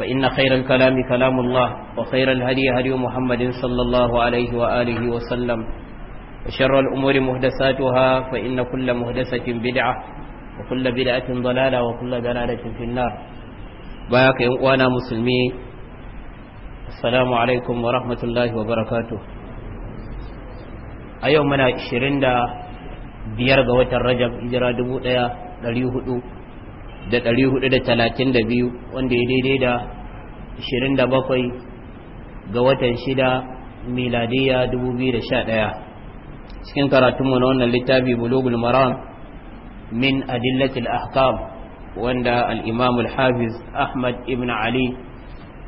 فإن خير الكلام كلام الله وخير الهدي هدي محمد صلى الله عليه وآله وسلم وشر الأمور مهدساتها فإن كل مهدسة بدعة وكل بدعة ضلالة وكل ضلالة في النار باك وانا مسلمي السلام عليكم ورحمة الله وبركاته أيومنا شرندا بيرغ وتر رجب إجراء دبوء 400 da 432 wanda ya daidai da 27 ga watan 6 miladiya 2011 cikin karatunmu na wannan littafi bulugul maram min adillatil ahkam wanda al-imam al-hafiz ahmad ibn ali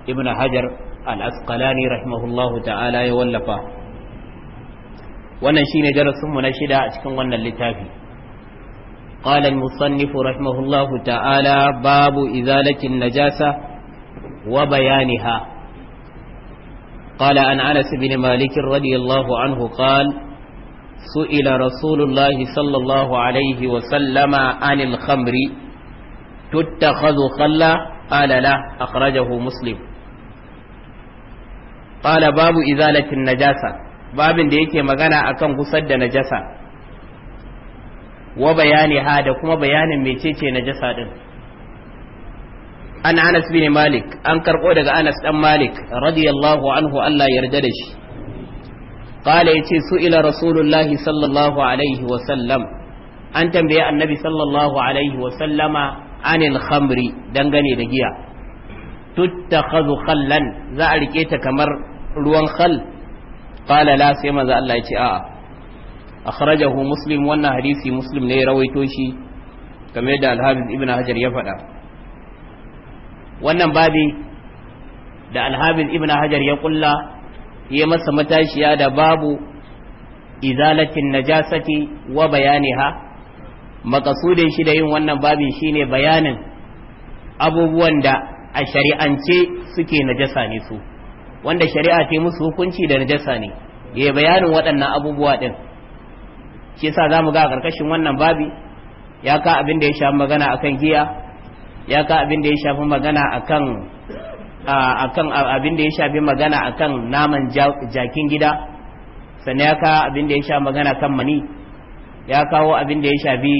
ibn hajar al-asqalani rahimahullahu ta'ala ya wallafa wannan shine darasinmu na shida a cikin wannan littafi قال المصنف رحمه الله تعالى باب إزالة النجاسة وبيانها قال عن أنس بن مالك رضي الله عنه قال سئل رسول الله صلى الله عليه وسلم عن الخمر تتخذ خلا قال لا أخرجه مسلم قال باب إزالة النجاسة babin da yake magana akan gusar da najasa wa bayani ha da kuma bayanin mecece jasa din an Anas bin Malik an karɓo daga Anas ɗan Malik radiyallahu anhu Allah yarda da shi qala yace su ila rasulullahi sallallahu alaihi wa sallam an tambaye annabi sallallahu alaihi wa sallama anil khamri dangane da giya tuttakhadhu khallan za a rike ta kamar ruwan khal qala la sai manzo Allah yace a'a akhrajahu muslim wannan hadisi muslim ne rawaito shi kamar da alhafiz ibn hajar ya faɗa wannan babi da alhafiz ibn hajar ya kulla ya masa matashiya da babu izalatin najasati wa bayaniha makasudin shi da yin wannan babin shine bayanin abubuwan da a shari'ance suke najasa ne su wanda shari'a ta musu hukunci da najasa ne ya bayanin waɗannan abubuwa ɗin shi yasa zamu ga a karkashin wannan babi ya ka abin da ya shafi magana akan giya ya ka abin da ya shafi magana akan akan abin da ya shafi magana akan naman jakin gida sannan ya ka abin da ya shafi magana kan mani ya kawo abin da ya shafi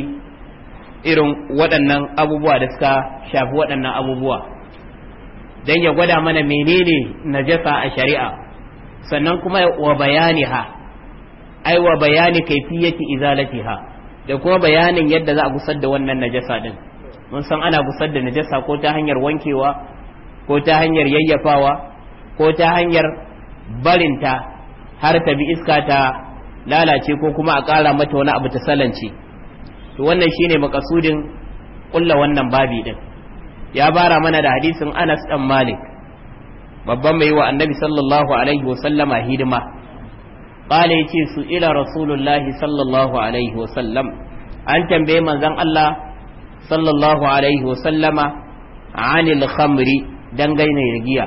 irin waɗannan abubuwa da suka shafi waɗannan abubuwa don ya gwada mana menene najasa a shari'a sannan kuma wa bayani ha ai wa bayani kaifiyati izalatiha da kuma bayanin yadda za a gusar da wannan najasa din mun san ana gusar da najasa ko ta hanyar wankewa ko ta hanyar yayyafawa ko ta hanyar barinta har ta bi iska ta lalace ko kuma a ƙara mata wani abu ta salance to wannan shine makasudin kulla wannan babi din ya bara mana da hadisin Anas dan Malik babban mai wa annabi sallallahu alaihi wa sallama hidima qala yace su ila rasulullahi sallallahu alaihi wa sallam an tambaye manzon Allah sallallahu alaihi wa sallama anil khamri dangane da giya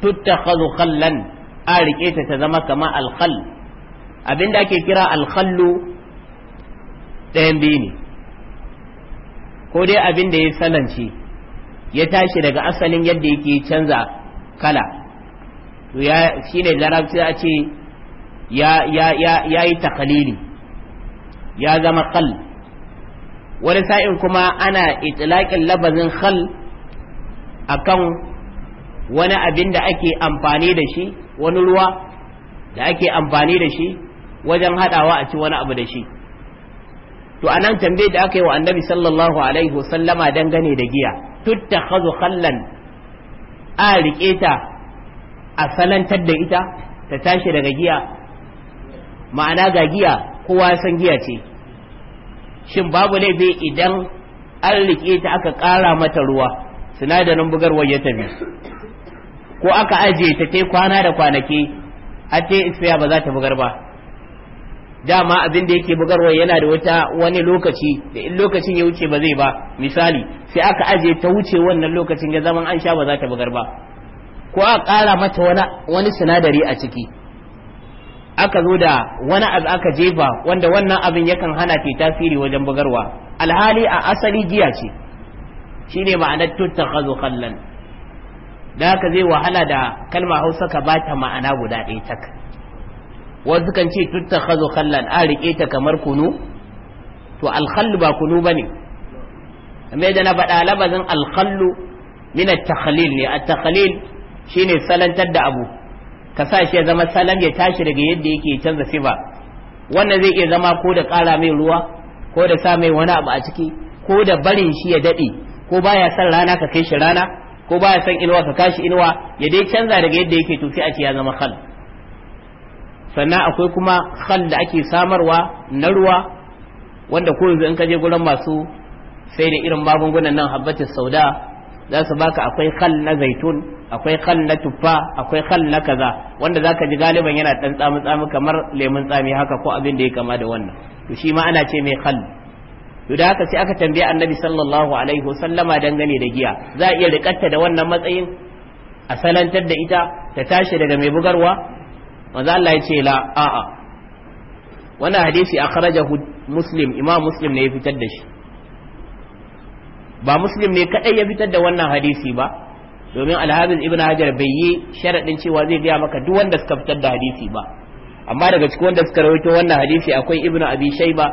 tuttakhadhu khallan a rike ta ta zama kama alkhal abinda ake kira alkhallu ɗayan biyu ne ko dai abin da ya salance ya tashi daga asalin yadda yake canza kala to ya ne larabci a ce ya ya ya takalili ya zama kal wani sa'in kuma ana itilakin labazin khal akan wani abin da ake amfani da shi wani ruwa da ake amfani da shi wajen hadawa a ci wani abu da shi to anan tambaye da aka yi wa annabi sallallahu alaihi wasallama dangane da giya tuttakhadhu khallan a rike ta a salantar da ita ta tashi daga giya ma'ana ga giya kowa san giya ce shin babu laifi idan an rike ta aka kara mata ruwa sinadarin bugarwar ya tafi ko aka ajiye ta ta kwana da kwanaki a ta isfiya ba za ta bugar ba dama abin da yake bugarwa yana da wata wani lokaci da in lokacin ya wuce ba zai ba misali sai aka ajiye ta wuce wannan lokacin ya zaman an sha ba za ta bugar ba ko a ƙara mata wani sinadari a ciki aka zo da wani abu aka jefa wanda wannan abin yakan hana ke tasiri wajen bugarwa alhali a asali giya ce ne ma'anar tuttakhadhu kallon da haka zai wahala da kalma Hausa ka bata ma'ana guda ɗaya tak wasu kan ce tuttakhadhu kallon a rike ta kamar kunu to alkhallu ba kunu bane kamar da na faɗa labazin alkhallu min at-takhlil ne at-takhlil shine salantar da abu ka sa shi ya zama salam ya tashi daga yadda yake canza sifa wannan zai iya zama ko da ƙara mai ruwa ko da sa mai wani abu a ciki ko da barin shi ya daɗe ko baya san rana ka kai shi rana ko baya san inuwa ka kashi inuwa ya dai canza daga yadda yake to sai a ce ya zama khal sannan akwai kuma khal da ake samarwa na ruwa wanda ko yanzu in ka je gurin masu sai da irin magungunan nan habbatin sauda za su baka akwai khal na zaitun akwai khal na tuffa akwai khal na kaza wanda zaka ji galiban yana dan tsamu tsamu kamar lemun tsami haka ko abin da ya kama da wannan to shi ma ana ce mai khal to da haka sai aka tambaye annabi sallallahu alaihi wasallama dangane da giya za a iya rikatta da wannan matsayin a salantar da ita ta tashi daga mai bugarwa manzo Allah ya ce la a'a wannan hadisi akhrajahu muslim imam muslim ne ya fitar da shi ba muslim ne kadai ya fitar da wannan hadisi ba domin alhamis ibn hajar bai yi sharaɗin cewa zai gaya maka duk wanda suka fitar da hadisi ba amma daga cikin wanda suka rawaito wannan hadisi akwai ibn abi shayba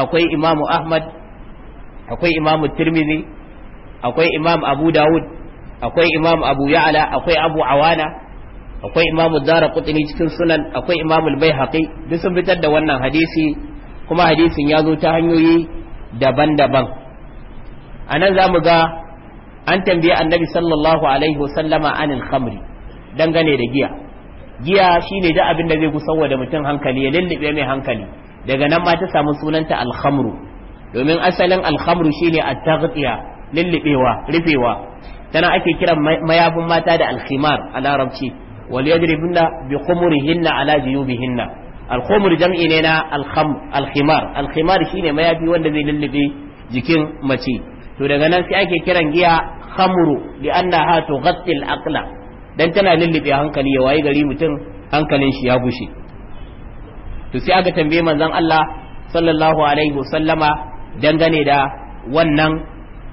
akwai imam ahmad akwai imam tirmidhi akwai imam abu dawud akwai imam abu ya'la akwai abu awana akwai imam dara qutni cikin sunan akwai imam al-baihaqi duk sun fitar da wannan hadisi kuma hadisin ya zo ta hanyoyi daban-daban a nan za mu ga an tambaye annabi sallallahu alaihi wasallama anil khamri dangane da giya giya shine da abin da zai gusarwa da mutum hankali ya lullube mai hankali daga nan ma ta samu sunanta alhamru domin asalin alhamru shine at-taghtiya lullubewa rufewa tana ake kiran mayafin mata da alkhimar a larabci wal yadribunna bi khumurihinna ala juyubihinna al jam'i ne na alkhimar alkhimar shine mayafi wanda zai lullube jikin mace to daga nan sai ake kiran giya khamru li annaha al aqla dan tana lulluɓe hankali ya wayi gari mutum hankalin shi ya gushe to sai aka tambaye manzon Allah sallallahu alaihi wasallama dangane da wannan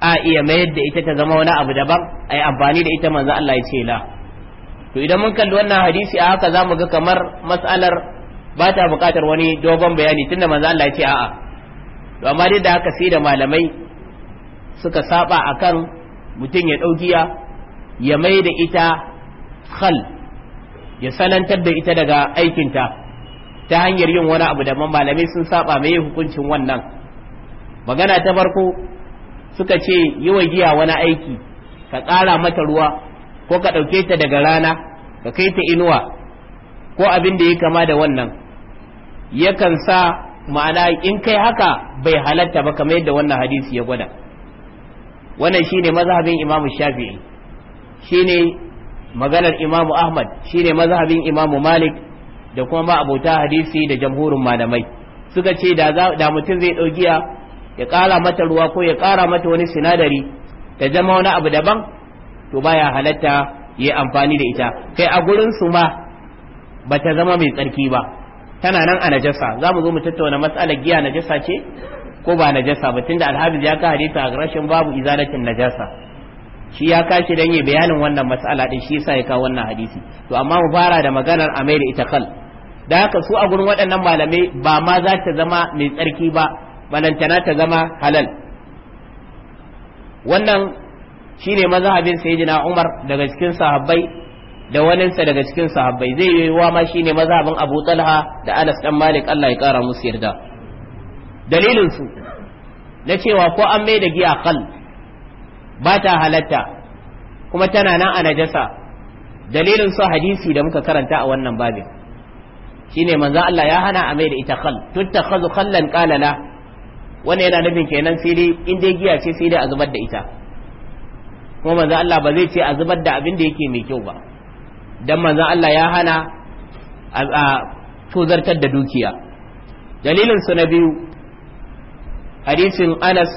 a iya mayar da ita ta zama wani abu daban a yi amfani da ita manzon Allah ya ce la to idan mun kalli wannan hadisi a haka zamu ga kamar matsalar ba ta buƙatar wani dogon bayani tunda manzon Allah ya ce a'a to amma dai da haka sai da malamai suka saba kan mutum ya ɗaukiya ya mai da ita hal ya sanantar da ita daga aikinta ta hanyar yin wani abu da malamai sun saba mai hukuncin wannan magana ta farko suka ce yi wa giya wani aiki ka ƙara mata ruwa ko ka ɗauke ta daga rana ka kai ta inuwa ko abin da ya kama da wannan yakan sa ma'ana in kai haka bai halatta ba kamar yadda wannan hadisi ya gwada wannan shine mazhabin imamu shafi'i shine maganar imamu ahmad shine mazhabin imamu malik da kuma ma abota hadisi da jamhurin malamai suka ce da mutum zai ɗau giya ya ƙara mata ruwa ko ya ƙara mata wani sinadari ta zama wani abu daban to baya halatta ya amfani da ita kai a gurin su ma ba ta zama mai tsarki ba tana nan a najasa za mu zo mu tattauna matsalar giya najasa ce ko ba najasa ba tunda alhabis ya ka hadisi a rashin babu izalatin najasa shi ya kashi dan yi bayanin wannan matsala din shi yasa ya kawo wannan hadisi to amma mu fara da maganar amai da ita kal da haka su a gurin waɗannan malamai ba ma za ta zama mai tsarki ba balantana ta zama halal wannan shine mazhabin sayyidina Umar daga cikin sahabbai da waninsa daga cikin sahabbai zai yi wa ma shine mazhabin Abu Talha da Anas dan Malik Allah ya kara musu yarda Dalilinsu na cewa ko an mai da giya kal ba ta halatta kuma tana nan a najasa dalilinsu hadisi da muka karanta a wannan babin shine manzan Allah ya hana a mai da ita kal ta kazu kallon la wani yana nufin kenan sai dai in dai giya ce sai dai a zubar da ita kuma manzan Allah ba zai ce a zubar da abin da yake mai kyau ba dan manzan Allah ya hana a tozartar da dukiya dalilinsu na biyu hadisin anas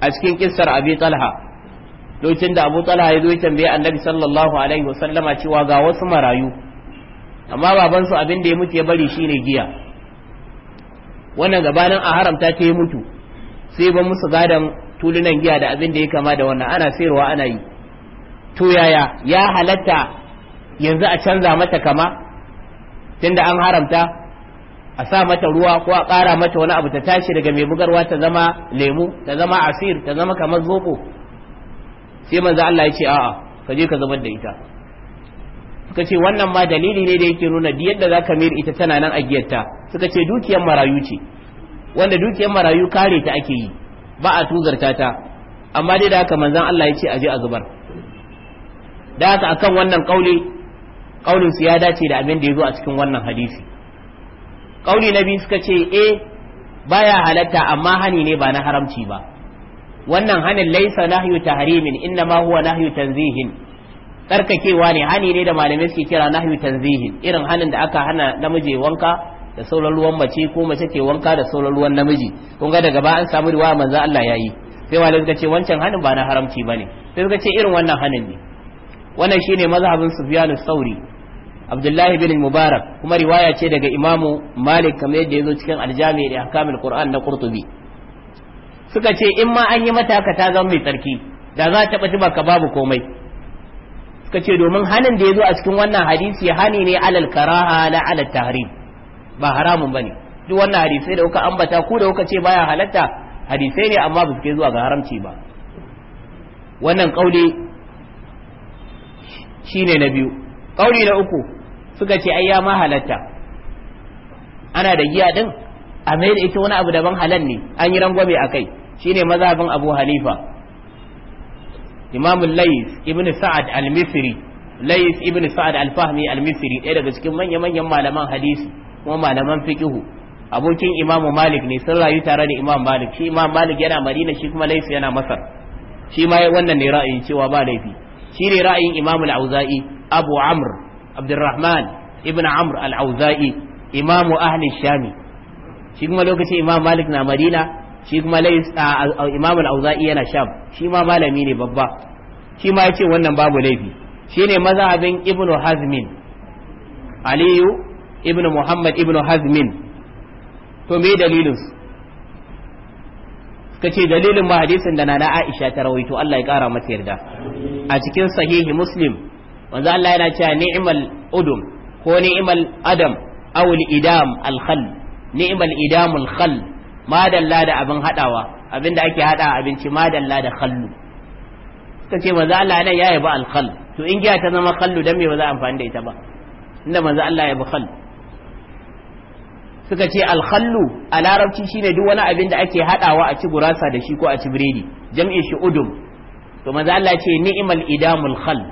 a cikin kissar abi talha lokacin da abu talha ya zo ya tambaye annabi sallallahu alaihi wasallama cewa ga wasu marayu amma babansu abin da ya mutu ya bari shine giya wannan gabanin a haramta ta yi mutu sai ban musu gadon tulunan giya da abin da ya kama da wannan ana sayarwa ana yi to yaya ya halatta yanzu a canza mata kama tunda an haramta a sa mata ruwa ko a ƙara mata wani abu ta tashi daga mai bugarwa ta zama lemu ta zama asir ta zama kamar zoko sai manzo Allah ya ce a'a ka je ka zubar da ita suka ce wannan ma dalili ne da yake nuna yadda zaka mayar ita tana nan a giyarta suka ce dukiyar marayu ce wanda dukiyar marayu kare ta ake yi ba a tuzarta ta amma dai da haka manzon Allah ya ce a je a zubar da haka akan wannan kauli kaulin su ya dace da abin da ya zo a cikin wannan hadisi kauli na biyu suka ce e baya halatta amma hani ne ba na haramci ba wannan hanin laisa nahyu tahrimin inna ma huwa nahyu tanzihin tsarkakewa ne hani ne da malamai suke kira nahyu tanzihin irin hanin da aka hana namiji wanka da sauran ruwan mace ko mace ke wanka da sauran ruwan namiji kun ga daga ba an samu riwaya manzo Allah yayi sai malamai suka ce wancan hanin ba na haramci bane sai suka ce irin wannan hanin ne wannan shine mazhabin Sufyan sauri abdullahi bin mubarak kuma riwaya ce daga imamu malik kamar yadda ya zo cikin aljami da ahkamul qur'an na qurtubi suka ce in ma an yi mata ka ta zama mai tsarki da za ta ba baka babu komai suka ce domin hanin da ya zo a cikin wannan hadisi hani ne alal karaha la alal tahrim ba haramun bane duk wannan hadisai da kuka ambata ku da kuka ce baya halatta hadisai ne amma ba su zuwa ga haramci ba wannan kauli shine na biyu ƙauri na uku suka ce ai ya ma halatta ana da giya din a mai da ita wani abu daban halal ne an yi rangwame a kai shine mazhabin abu halifa imam lais ibn sa'ad al-misri lais ibn sa'ad al-fahmi al-misri ɗaya daga cikin manya manyan malaman hadisi kuma malaman fiqihu. abokin imam malik ne sun rayu tare da imam malik shi imam malik yana madina shi kuma lais yana masar shi ma wannan ne ra'ayin cewa ba laifi shi ne ra'ayin imam auzai abu amr abdurrahman ibn amr al-auza'i imamu ahli shami shi lokacin imam malik na madina shi kuma al-auza'i yana sham shi malami ne babba shi ma wannan babu laifi shine mazhabin ibnu hazmin aliyu ibnu ibnu hazmin to me dalilin suka ce dalilin ba hadisin da na Aisha ta rawaito Allah ya kara masa yarda a cikin sahihi Muslim manzo Allah yana cewa ni'mal udum ko ni'mal adam aw idam al khal ni'mal idamul khal madalla da abin hadawa abinda ake hada abinci madalla da khallu suka ce manzo Allah nan ya yabi al khal to in giya ta zama khallu dan me ba za a amfani da ita ba inda manzo Allah ya yabi khal suka ce al khallu a larabci shine duk wani abin da ake hadawa a ci gurasa da shi ko a ci biredi jam'i shi udum to manzo Allah ce ni'mal idamul khal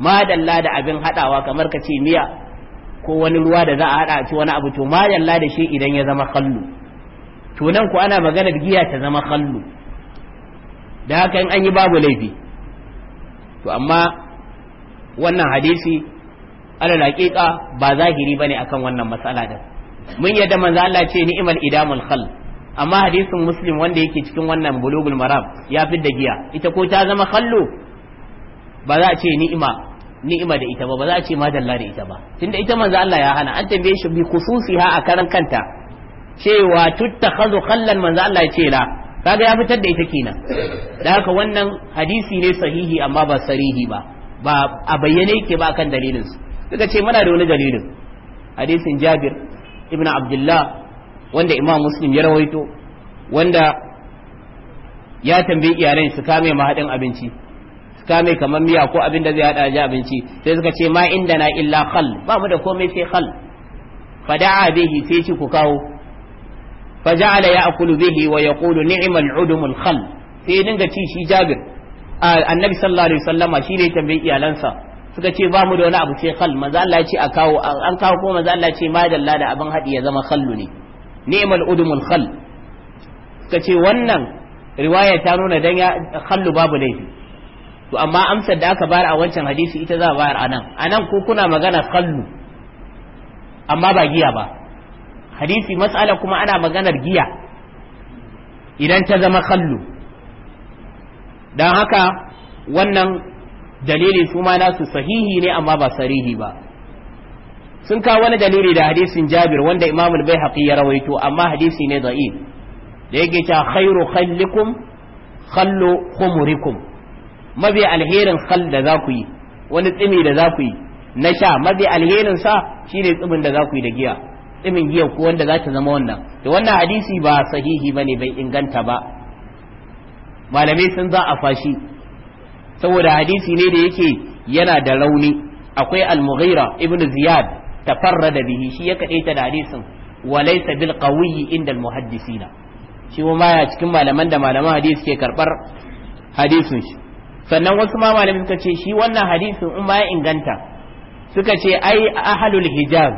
madalla da abin hadawa kamar ka ce miya ko wani ruwa da za a hada ci wani abu to madalla da shi idan ya zama kallu to nan ku ana maganar giya ta zama kallu da haka in an yi babu laifi to amma wannan hadisi ala laƙiƙa ba zahiri bane akan wannan matsala da mun yadda manzo Allah ce ni'mal idamul khal amma hadisin muslim wanda yake cikin wannan bulugul maram ya fi da giya ita ko ta zama kallo. ba za a ce ni'ima ni'ima da ita ba ba za a ce madalla da ita ba tunda ita manzo Allah ya hana an tambaye shi bi ha a karan kanta cewa tuttakhadhu khallan manzo Allah ya ce la kaga ya fitar da ita kenan da haka wannan hadisi ne sahihi amma ba sarihi ba ba a bayyane yake ba kan dalilin su suka ce muna da wani dalilin hadisin Jabir ibn Abdullah wanda Imam Muslim ya rawaito wanda ya tambayi iyalan su kame mahadin abinci kame kamar miya ko abin da zai hada ji abinci sai suka ce ma inda na illa khal ba mu da komai sai khal fada'a bihi sai ci ku kawo faja'ala ya'kulu bihi wa yaqulu ni'mal udumul khal sai dinga ci shi jabir annabi sallallahu alaihi wasallama shi ne tambayi iyalansa suka ce ba mu da wani abu sai khal manzo Allah ya ce a kawo an kawo ko manzo Allah ya ce madalla da abin hadi ya zama khallu ne ni'mal udumul khal suka ce wannan riwaya ta nuna dan ya khallu babu laifi to amma amsar da aka bayar a wancan hadisi ita za a bayar a nan a nan ko kuna magana kallu amma ba giya ba hadisi matsala kuma ana maganar giya idan ta zama kallu don haka wannan dalili su ma nasu sahihi ne amma ba sarihi ba sun kawo wani dalili da hadisin jabir wanda imamul bai haƙi ya rawaito amma hadisi ne za'ib da yake cewa khairu khallikum khallu khumurikum mabi alherin khal da za ku yi wani tsimi da za ku yi na sha mabi alherin sa shine tsimin da za ku yi da giya tsimin giya ko wanda za ta zama wannan da wannan hadisi ba sahihi bane bai inganta ba malamai sun za a fashi saboda hadisi ne da yake yana da rauni akwai al-mughira ibnu ziyad tafarrada bihi shi ya kade ta da hadisin walaysa bil qawiyyi inda al-muhaddisina shi ma ya cikin malaman da malaman hadisi ke karbar hadisin shi sannan wasu ma malami suka ce shi wannan hadisin in ma ya inganta suka ce ai ahalul hijab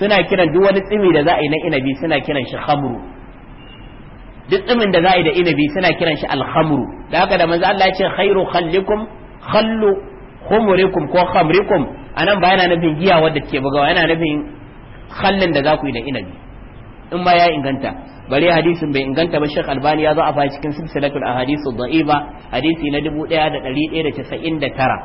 suna kiran duk wani tsimi da za a yi na inabi suna kiran shi khamru duk tsimin da za a yi da inabi suna kiran shi alhamru da haka da manzo Allah ya ce khairu khallikum khallu khumurikum ko khamrikum anan ba yana nufin giya wadda ke bugawa yana nufin khallin da za ku yi da inabi in ma ya inganta bare hadisin bai inganta ba Sheikh Albani ya zo a cikin silsilatul ahadisu da'iba hadisi na dubu da da da casa'in tara.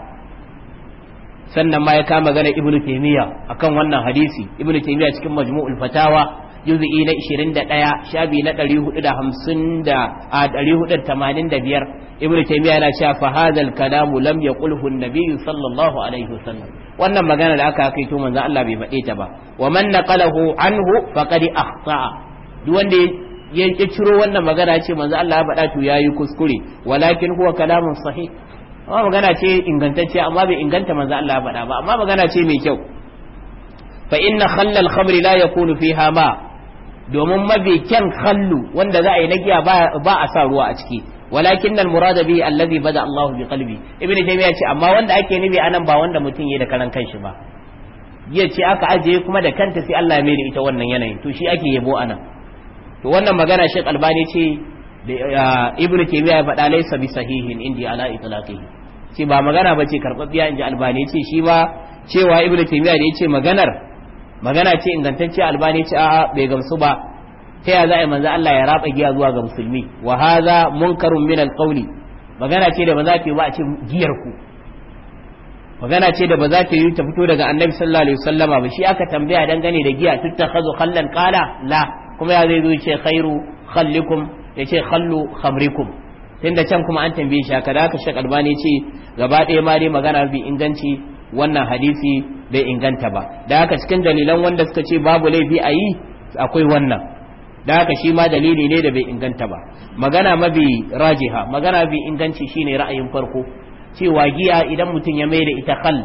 sannan ma ya kama gana ibnu taymiya akan wannan hadisi ibnu taymiya cikin majmu'ul fatawa juz'i na 21 shabi na da a hudu da da tamanin biyar. ibnu taymiya na cewa fa hadhal kalamu lam yaqulhu an-nabiy sallallahu alaihi wasallam wannan magana da aka kai to manzo Allah bai faɗe ta ba wa man naqalahu anhu faqad akhta'a duk wanda ya ciro wannan magana ce manzo Allah ya faɗa to yayi kuskure walakin huwa kalamun sahih amma magana ce ingantacce amma bai inganta manzo Allah ya faɗa ba amma magana ce mai kyau fa inna khallal khamri la yakunu fiha ma domin mafi kyan khallu wanda za a yi nagiya ba a sa ruwa a ciki walakin nan murada bihi allazi bada Allahu bi qalbi ibnu jami'a ce amma wanda ake nufi anan ba wanda mutum yayi da karan kanshi ba ya ce aka ajiye kuma da kanta sai Allah ya mai da ita wannan yanayin to shi ake yabo anan to wannan magana Sheikh Albani ce Ibn Taymiyyah ya faɗa laysa bi sahihin indi ala itlaqihi ce ba magana ba ce karbabbiya inji Albani ce shi ba cewa Ibn Taymiyyah da yace maganar magana ce ingantacce Albani ce a'a bai gamsu ba ta ya za a manzo Allah ya raba giya zuwa ga musulmi wa hadha munkarun min alqawli magana ce da ba za ta yi ba a ce giyar ku magana ce da ba za ta yi ta fito daga annabi sallallahu alaihi wasallama ba shi aka tambaya dangane da giya tutta khazu khallan qala la kuma ya zai zo ce khairu khallikum ya ce khallu khamrikum tunda can kuma an tambaye shi haka da haka Sheikh Albani ce gaba ɗaya ma dai magana bi inganci wannan hadisi bai inganta ba da aka cikin dalilan wanda suka ce babu laifi a yi akwai wannan da aka shi ma dalili ne da bai inganta ba magana mabi rajiha magana bi inganci shine ra'ayin farko cewa giya idan mutum ya mai da ita khal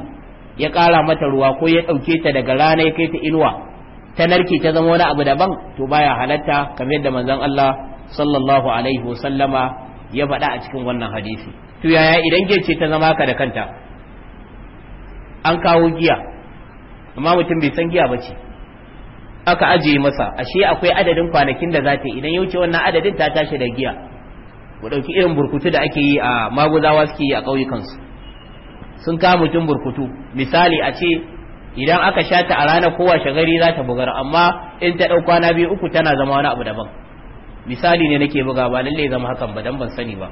ya kara mata ruwa ko ya ɗauke ta daga rana ya kai ta inuwa ta narke ta zama wani abu daban to baya halatta kamar yadda manzon Allah sallallahu alaihi wasallama ya faɗa a cikin wannan hadisi to yaya idan giya ce ta zama ka da kanta an kawo giya amma mutum bai san giya bace aka ajiye masa ashe akwai adadin kwanakin da zata ta idan ya wuce wannan adadin ta tashi da giya ku ɗauki irin burkutu da ake yi a maguzawa suke yi a ƙauyukansu sun kama mutum burkutu misali a ce idan aka sha ta a rana kowa shagari za ta bugar amma in ta ɗau kwana biyu uku tana zama wani abu daban misali ne nake buga ba lallai zama hakan ba dan ban sani ba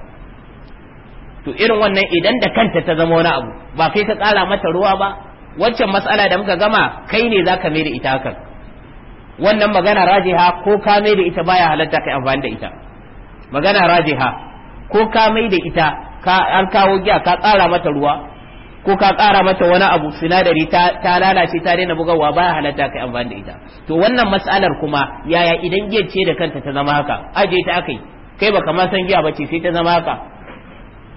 to irin wannan idan da kanta ta zama wani abu ba kai ka tsara mata ruwa ba waccan matsala da muka gama kai ne za ka mai da ita hakan wannan magana rajiha ko ka mai da ita baya halatta kai amfani da ita magana rajiha ko ka mai da ita ka an kawo giya ka tsara mata ruwa ko ka ƙara mata wani abu sinadari ta lalace ta daina bugawa baya halatta kai amfani da ita to wannan mas'alar kuma yaya idan giyar ce da kanta ta zama haka aje ta akai kai baka ma san giya bace sai ta zama haka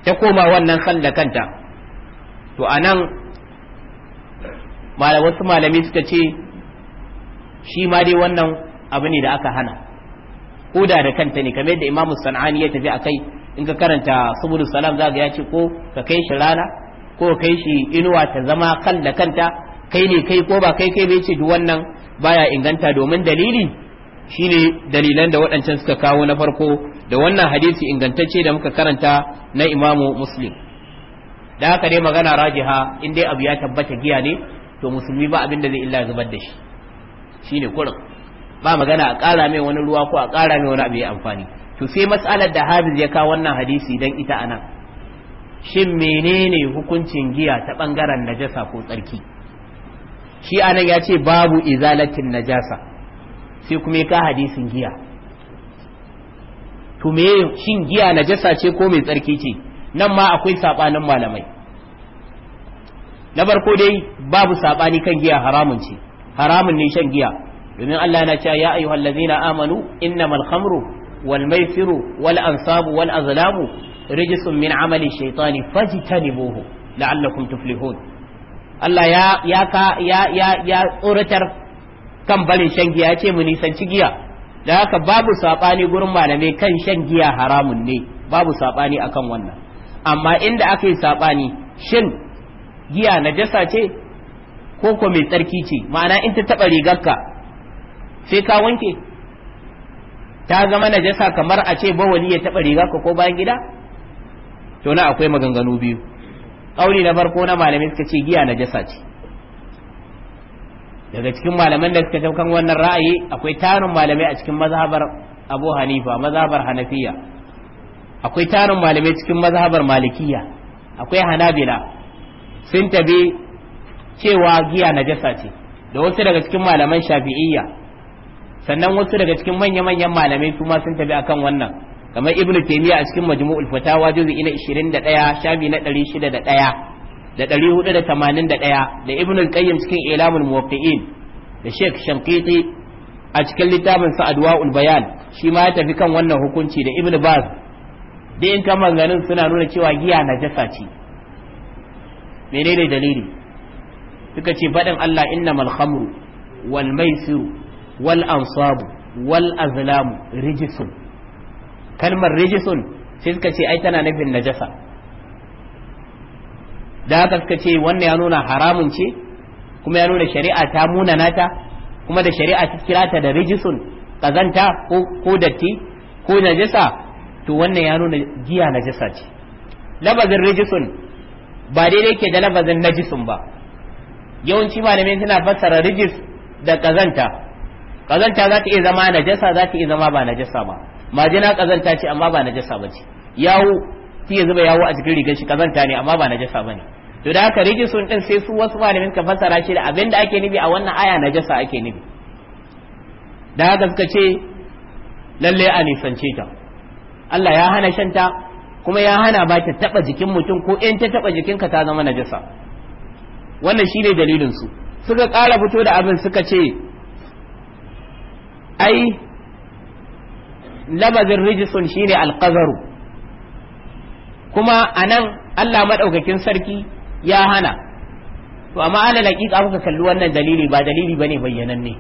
ta koma wannan san da kanta to anan wasu malami suka ce shi ma dai wannan abu ne da aka hana koda da kanta ne kamar yadda imamu sanani ya tafi akai in ka karanta subul salam zaka ya ce ko ka kai shi rana ko kai shi inuwa ta zama kan da kanta kai ne kai ko ba kai kai bai ce duk wannan baya inganta domin dalili shine dalilan da waɗancan suka kawo na farko da wannan hadisi ingantacce da muka karanta na imamu muslim da haka dai magana rajiha in dai abu ya tabbata giya ne to musulmi ba abin da zai illa zubar da shi shine kurin ba magana a ƙara mai wani ruwa ko a ƙara mai wani abu ya amfani to sai matsalar da hafiz ya kawo wannan hadisi dan ita anan shin menene hukuncin giya ta bangaren najasa ko tsarki shi anan ya ce babu izalatin najasa sai kuma ka hadisin giya to me shin giya najasa ce ko mai tsarki ce nan ma akwai sabanin malamai na ko dai babu sabani kan giya haramun ce haramun ne shan giya domin Allah na cewa ya ayyuhallazina amanu innamal khamru wal maisiru wal ansabu wal azlamu rijisun min amali shaitani fajtanibuhu la'allakum tuflihun Allah ya ya ya ya ya tsoratar kan barin shan giya yace ce mu nisanci giya da haka babu saɓani gurin malamai kan shan giya haramun ne babu saɓani akan wannan amma inda aka yi sabani shin giya najasa ce ko ko mai tsarki ce ma'ana in ta taba rigarka sai ka wanke ta zama najasa kamar a ce bawali ya taɓa rigarka ko bayan gida to na akwai maganganu biyu kauli na farko na malamai suka ce giya na jasa ce daga cikin malaman da suka taukan wannan ra'ayi akwai tarin malamai a cikin mazhabar Abu Hanifa mazhabar Hanafiya akwai tarin malamai cikin mazhabar Malikiya akwai Hanabila sun tabi cewa giya na jasa ce da wasu daga cikin malaman Shafi'iyya sannan wasu daga cikin manya-manyan malamai su ma sun tabi akan wannan kamar ibn taymiya a cikin majmu'ul fatawa juz'i na 21 shafi na 601 da 481 da ibn al-qayyim cikin ilamul muwaqqi'in da sheikh shanqiti a cikin littafin sa adwaul bayan shi ma ya tafi kan wannan hukunci da ibn baz da in kan maganganun suna nuna cewa giya na jasa ce menene dalili suka ce faɗin Allah innamal khamru wal maisiru wal ansabu wal azlamu rijisun kalmar rijisun sai suka ce ai tana nufin najasa da haka suka ce wannan ya nuna haramun ce kuma ya nuna shari'a ta munana ta kuma da shari'a ta kira ta da rijisun kazanta ko datti ko najasa to wannan ya nuna giya najasa ce labazin rijisun ba daidai ke da labazin najisun ba yawanci malamai suna fassara rijis da kazanta kazanta za ta iya zama najasa za ta iya zama ba najasa ba majina kazanta ce amma ba najasa bace yawo shi ya zuba yawo a cikin rigar shi kazanta ne amma ba najasa bane to da haka rijisun din sai su wasu malamin ka fasara shi da abin da ake nufi a wannan aya najasa ake nufi da haka suka ce lalle a nisance ta Allah ya hana shanta kuma ya hana ba ta taba jikin mutum ko in ta taba jikinka ta zama najasa wannan shine dalilin su suka kara fito da abin suka ce ai labazin rijisun shine alkazaru kuma anan Allah maɗaukakin sarki ya hana to amma ana laƙiƙa kuka kalli wannan dalili ba dalili bane bayyananne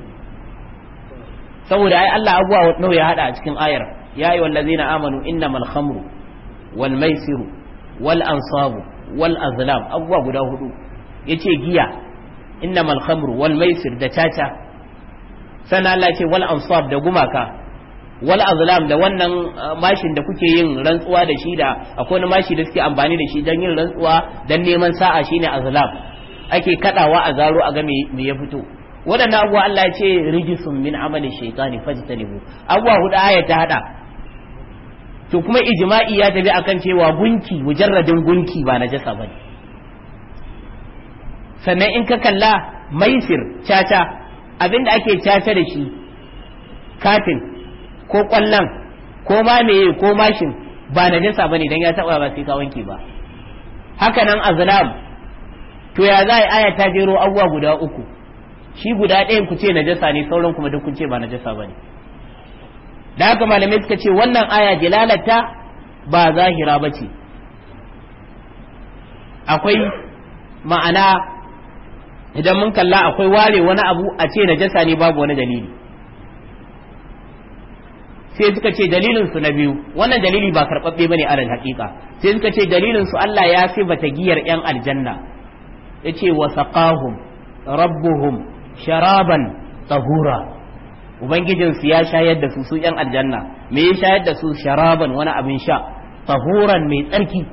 saboda ai Allah abuwa nawa ya haɗa a cikin ayar ya ayu na amanu inna malhamru wal maisiru wal ansabu wal azlam abuwa guda hudu ya ce giya inna malhamru wal maisir da caca sana Allah ce wal ansab da gumaka wal azlam da wannan uh, mashin da kuke yin rantsuwa da shi da akwai wani mashi da suke amfani da shi don yin rantsuwa don neman sa'a shine azlam ake kadawa a zaro a ga me ya fito wadannan abubuwa Allah ya ce rijisun min amali shaytani fajtanibu abubuwa hudu aya ta hada to kuma ijma'i ya tafi akan cewa gunki mujarradin gunki ba najasa bane sannan in ka kalla maisir caca abinda ake caca da shi katin ko kwallon ko ma meye ko mashin ba na najasa bane dan ya taba ba sai ka wanke ba haka nan azlam to ya za a aya ta jero abubuwa guda uku shi guda ɗayan ku ce najasa ne sauran kuma duk kun ce ba najasa bane da haka malamai suka ce wannan aya jilalata ba zahira ba ce akwai ma'ana idan mun kalla akwai ware wani abu a ce najasa ne babu wani dalili sai suka ce dalilin su na biyu wannan dalili ba karɓaɓɓe bane ne haƙiƙa sai suka ce dalilin su Allah ya bata giyar yan aljanna yace wasaqahum rabbuhum sharaban tahura ubangijinsu ya shayar da su su yan aljanna me ya shayar da su sharaban wani abin sha tahuran mai tsarki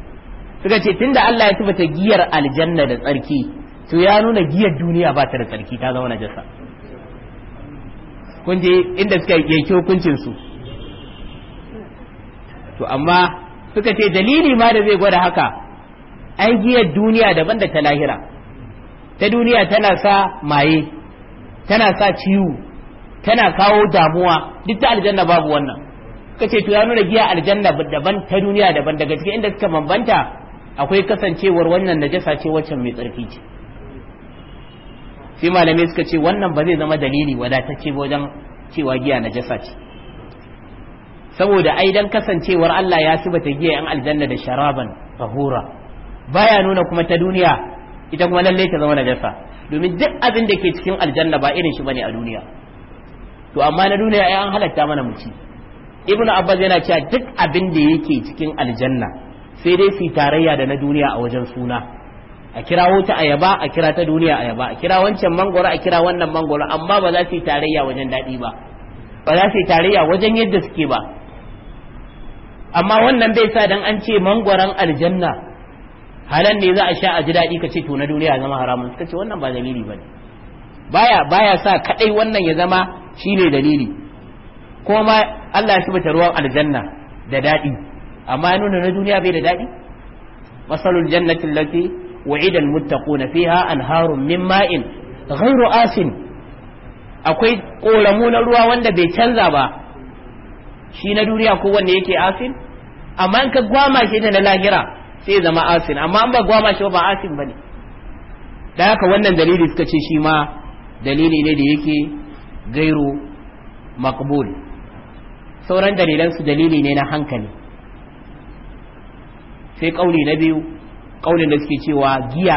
suka ce tunda Allah ya ta giyar aljanna da tsarki to ya nuna giyar duniya ba ta da tsarki ta zama najasa kun je inda suka yanke hukuncin su to amma suka ce dalili ma da zai gwada haka an giyar duniya daban da ta lahira ta duniya tana sa maye tana sa ciwo tana kawo damuwa duk ta aljanna babu wannan suka ce to ya nuna giya aljanna daban ta duniya daban daga cikin inda suka bambanta akwai kasancewar wannan najasa ce waccan mai tsarki ce sai malamai suka ce wannan ba zai zama dalili wadatacce wajen cewa giya najasa ce saboda ai dan kasancewar Allah ya ta giya yan aljanna da sharaban tahura baya nuna kuma ta duniya ita kuma lalle ta zama najasa domin duk abin da ke cikin aljanna ba irin shi bane a duniya to amma na duniya ai an halatta mana mu ci ibnu abbas yana cewa duk abin da yake cikin aljanna sai dai su tarayya da na duniya a wajen suna a kirawo ta ayaba a kira ta duniya ayaba a kira wancan mangoro a kira wannan mangoro amma ba za su yi tarayya wajen daɗi ba ba za su yi tarayya wajen yadda suke ba amma wannan bai sa dan an ce mangwaran aljanna halan ne za a sha a ji daɗi ka ce to na duniya zama haramun ka ce wannan ba dalili bane baya baya sa kadai wannan ya zama shine dalili kuma ma Allah ya shubata ruwan aljanna da daɗi amma ya nuna na duniya bai da daɗi masalul jannati allati wa'ida almuttaquna fiha anharun min ma'in ghayru asin akwai ƙoramu na ruwa wanda bai canza ba shi na duniya ko wanda yake asin amma in ka gwama shi da na lahira sai ya zama asin amma an ba gwama shi ba asin bane da haka wannan dalili suka ce shi ma dalili ne da yake gairo makbul sauran dalilan su dalili ne na hankali sai kauli na biyu kaulin da suke cewa giya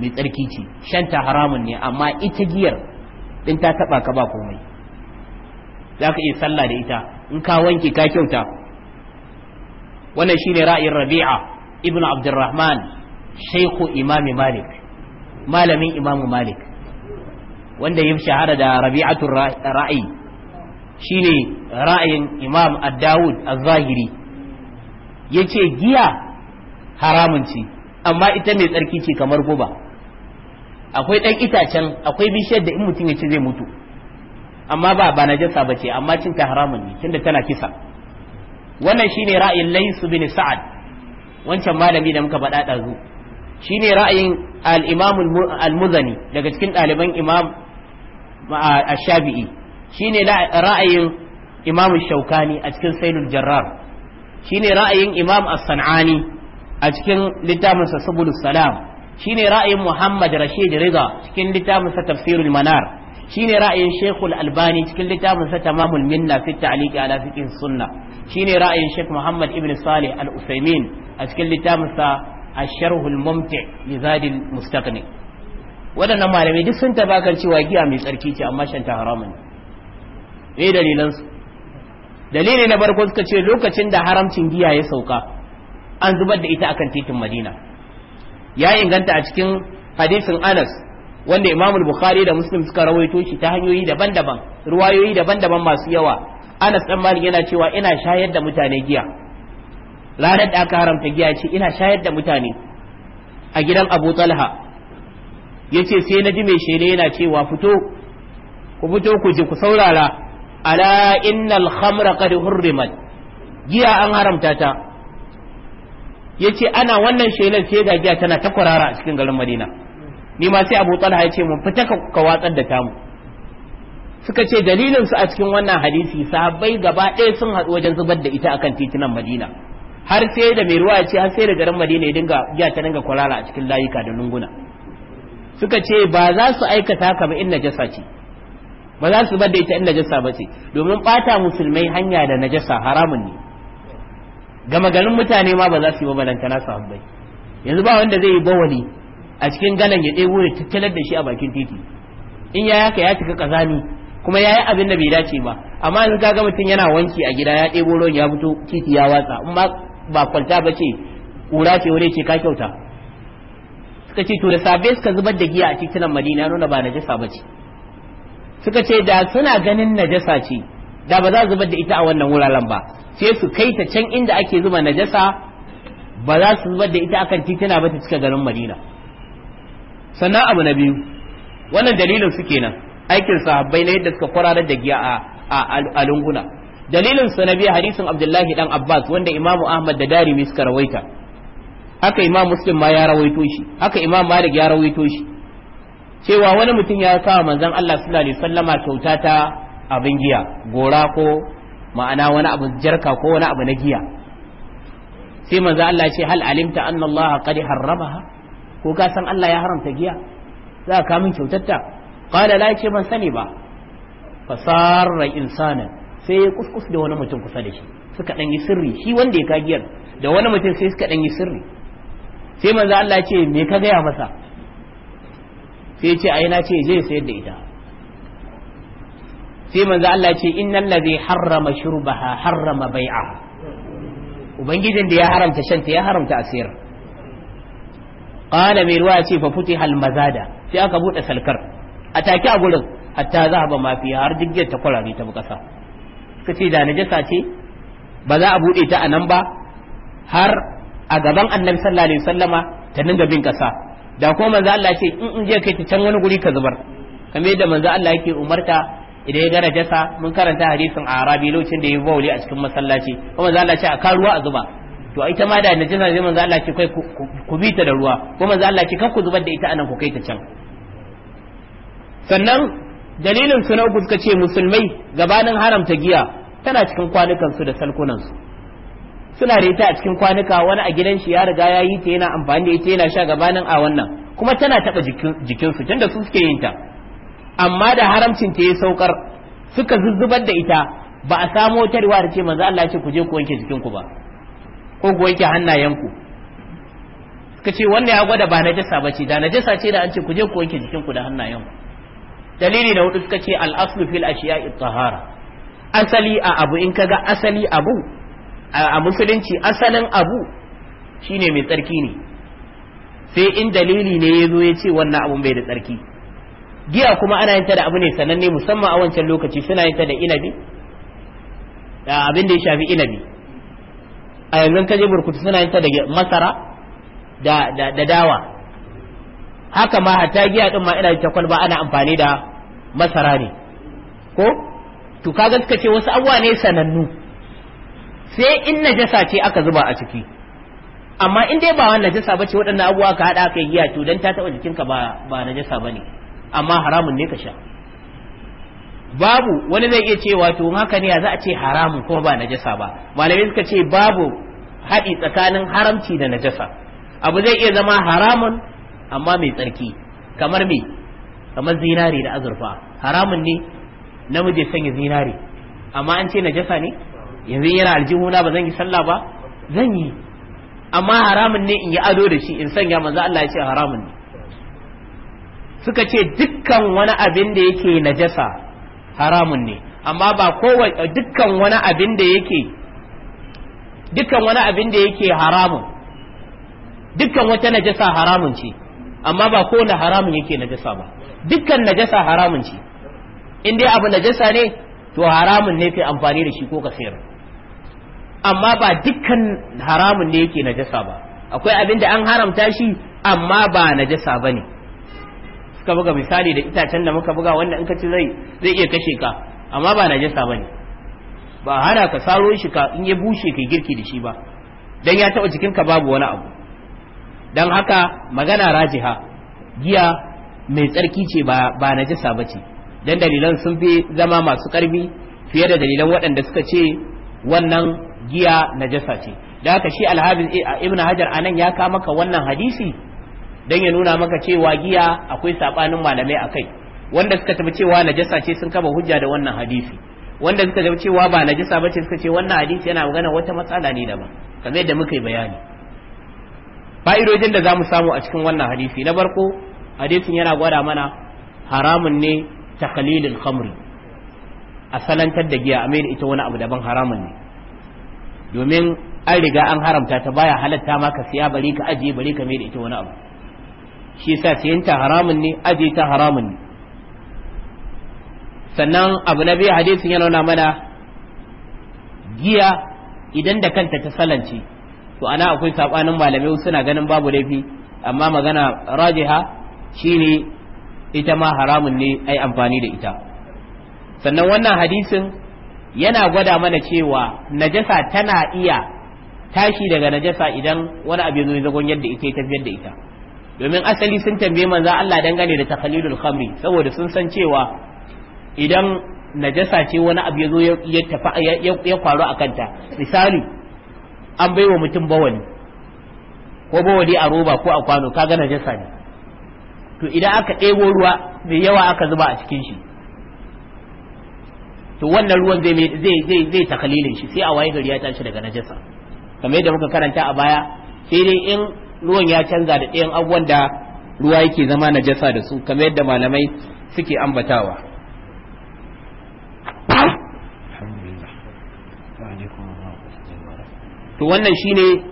mai tsarki ce shanta haramun ne amma ita giyar in ta taba ka ba komai za ka iya sallah da ita in ka wanke ka kyauta wannan shine ra'ayin rabi'a ibnu abdurrahman shaykhu imami malik malamin imamu malik wanda ya shahara da rabi'atul ra'ayi shine ra'ayin imam ad-dawud az-zahiri yace giya haramun ce amma ita mai tsarki ce kamar guba akwai ɗan itacen akwai bishiyar da in mutum ya ci zai mutu amma ba ba najasa bace amma cin ta haramun ne tunda tana kisa wannan shine ra'ayin Lays bin Sa'ad wancan malami da muka faɗa ɗazu shine ra'ayin al-Imam al-Muzani daga cikin ɗaliban Imam Ash-Shafi'i shine ra'ayin Imam Shaukani a cikin Sayyidul Jarrar shine ra'ayin Imam As-San'ani a cikin littafinsa Subulus Salam shine ra'ayin Muhammad Rashid Riza cikin littafinsa Tafsirul Manar shine ra'ayin Sheikhul Albani cikin littafin sa Tamamul Minna fi Ta'liqi ala Fiqh Sunna shine ra'ayin Sheikh Muhammad Ibn Salih Al Utsaimin a cikin littafin sa Asharh Mumti' li Zadi Mustaqni wadannan malamai duk sun tabbatar cewa giya mai tsarki ce amma shan ta haramun Me dalilan su dalili na farko suka ce lokacin da haramcin giya ya sauka an zubar da ita akan titin Madina ya inganta a cikin hadisin Anas wanda Imam Bukhari da Muslim suka rawaito shi ta hanyoyi daban-daban ruwayoyi daban-daban masu yawa Anas dan Malik yana cewa ina shayar da mutane giya ranar da aka haramta giya ce ina shayar da mutane a gidan Abu Talha yace sai na ji mai shele yana cewa fito ku fito ku ji ku saurara ala innal khamra qad hurrimat giya an haramta ta yace ana wannan shaidar sai ga giya tana ta kwarara a cikin garin Madina ni ma sai Abu Talha ya ce mun fita ka watsar da tamu suka ce dalilin su a cikin wannan hadisi sahabbai gaba ɗaya sun haɗu wajen zubar da ita akan titunan Madina har sai da mai ruwa ya ce har sai da garin Madina ya dinga giya ta dinga kwarara a cikin layuka da lunguna suka ce ba za su aikata ka ba in najasa ce ba za su bar da ita in najasa ba ce domin bata musulmai hanya da najasa haramun ne gama garin mutane ma ba za su yi ba balantana sahabbai yanzu ba wanda zai yi bawali a cikin galan ya ɗebo ya tattalar da shi a bakin titi in ya yaka ya cika kazani kuma ya yi abin da bai dace ba amma in ga mutum yana wanki a gida ya ɗebo ruwan ya fito titi ya watsa in ba kwalta ba ce ƙura ce wuri ce ka kyauta suka ce to da sabe suka zubar da giya a titunan madina nuna ba najasa ba ce suka ce da suna ganin najasa ce da ba za su zubar da ita a wannan wuraren ba sai su kai ta can inda ake zuba najasa ba za su zubar da ita akan titina ba ta cika garin madina sannan abu na biyu wannan dalilin su nan aikin sahabbai na yadda suka kwararar da giya a alunguna dalilin su na biyu hadisin abdullahi dan abbas wanda imam ahmad da darimi suka rawaita haka imam muslim ma ya rawaito shi haka imam malik ya rawaito shi cewa wani mutum ya kawo manzan allah sallallahu alaihi wasallama kyauta ta abin giya gora ko ma'ana wani abu jarka ko wani abu na giya sai manzan Allah ce hal alimta anna Allah qad harramaha ko ka san Allah ya haramta giya za ka min kyautarta qala la ce ban sani ba fasarra insanan sai ya kuskus da wani mutum kusa da shi suka dan yi sirri shi wanda ya kagiyar da wani mutum sai suka dan yi sirri sai manzo Allah ce me ka gaya masa sai ce ai na ce zai sayar da ita sai manzo Allah ce innal ladhi harrama shurbaha harrama bai'a ubangijin da ya haramta shanta ya haramta asir qala mai ruwa ce fa futihal da sai aka buɗe salkar a take a gurin hatta zahaba ma har diggiyar ta kwarare ta bukasa kace da najasa ce ba za a bude ta a nan ba har a gaban annabi sallallahu alaihi ta dinga bin kasa da kuma manzo ce in in je kai ta can wani guri ka zubar kamar da manza Allah yake umarta idan ya gara jasa mun karanta hadisin arabi lokacin da ya bauli a cikin masallaci kuma manzo Allah ce a karuwa a zuba to ita ma da najasa zai manzo Allah ki kai ku bi ta da ruwa ko manzo Allah ki kan ku zubar da ita anan ku kai ta can sannan dalilin su na suka ce musulmai gabanin haramta giya tana cikin kwanukan su da salkunan su suna da ita a cikin kwanuka wani a gidan shi ya riga ya yi ta yana amfani da ita yana sha gabanin a wannan kuma tana taba jikin su tunda su suke yin ta amma da haramcin ta ya saukar suka zuzzubar da ita ba a samo ta da ce manzo Allah ce ku je ku wanke jikin ku ba ko ku wanke hannayenku suka ce wannan ya gwada ba na najasa ba ce da najasa ce da an ce ku je ku wanke jikinku da hannayenku dalili na hudu suka ce al'aslu fil ashiya tahara asali a abu in kaga asali abu a musulunci asalin abu shine mai tsarki ne sai in dalili ne ya zo ya ce wannan abun bai da tsarki giya kuma ana yin ta da abu ne sananne musamman a wancan lokaci suna yin ta da inabi abin da ya shafi inabi a yanzu ka je burkutu suna yin ta da masara da dawa haka ma hatta giya din ma ina ta kwalba ana amfani da masara ne ko to kaga suka ce wasu abuwa ne sanannu sai in najasa ce aka zuba a ciki amma in dai ba wannan najasa bace waɗannan abuwa ka hada aka yi giya to dan ta taba jikinka ba ba najasa bane amma haramun ne ka sha babu wani zai iya cewa to haka ne za a ce haramun kuma ba najasa ba malamai suka ce babu haɗi tsakanin haramci da najasa abu zai iya zama haramun amma mai tsarki kamar me kamar zinari da azurfa haramun ne namiji sanya zinari amma an ce najasa ne yanzu yana aljihuna ba zan yi sallah ba zan yi amma haramun ne in yi ado da shi in sanya manzo Allah ya ce haramun ne suka ce dukkan wani abin da yake najasa haramun ne amma ba kowa dukkan wani abin da yake dukkan wani abin da yake haramun dukkan wata najasa haramun ce amma ba kowane haramun yake najasa ba dukkan najasa haramun ce in dai abu najasa ne to haramun ne kai amfani da shi ko ka sayar amma ba dukkan haramun ne yake najasa ba akwai abin da an haramta shi amma ba najasa ba ne suka buga misali da itacen da muka buga wanda in ka ci zai zai iya kashe ka amma ba najasa bane ba hana ka saro shi ka in ya bushe kai girki da shi ba dan ya taba jikinka babu wani abu dan haka magana rajiha giya mai tsarki ce ba ba najasa bace dan dalilan sun fi zama masu karbi fiye da dalilan waɗanda suka ce wannan giya najasa ce da haka shi alhabin eh, ibn hajar anan ya kama ka wannan hadisi Dan ya nuna maka cewa giya akwai sabanin malamai akai wanda suka tafi cewa najasa ce sun kaba hujja da wannan hadisi wanda suka tafi cewa ba najasa ce suka ce wannan hadisi yana magana wata matsala ne daban kamar yadda muka yi bayani fa'idojin da zamu samu a cikin wannan hadisi na barko hadisin yana gwada mana haramun ne takhalilul khamri asalantar da giya a mai ita wani abu daban haramun ne domin an riga an haramta ta baya halatta ma ka siya bari ka ajiye bari ka mai da ita wani abu shi sa sayan ta haramun ne aje ta haramun ne sannan abu na biyu hadisin ya nuna mana giya idan da kanta ta salance to ana akwai sabanin malamai suna ganin babu laifi amma magana rajiha shine ita ma haramun ne ai amfani da ita sannan wannan hadisin yana gwada mana cewa najasa tana iya tashi daga najasa idan wani abu ya zagon yadda ita ya tafiyar da ita domin asali sun tambaye manzo Allah dangane da takhalilul khamri saboda sun san cewa idan najasa ce wani abu ya zo ya tafi ya faru a kanta misali an baiwa mutum bawali ko bawali a roba ko a kwano kaga najasa ne to idan aka ɗebo ruwa mai yawa aka zuba a cikin shi to wannan ruwan zai zai zai takhalilin shi sai a waye gari ya tashi daga najasa kamar yadda muka karanta a baya sai dai in ruwan ya canza da ɗayan abubuwan da ruwa yake zama na jasa da su kamar yadda malamai suke ambatawa to wannan shine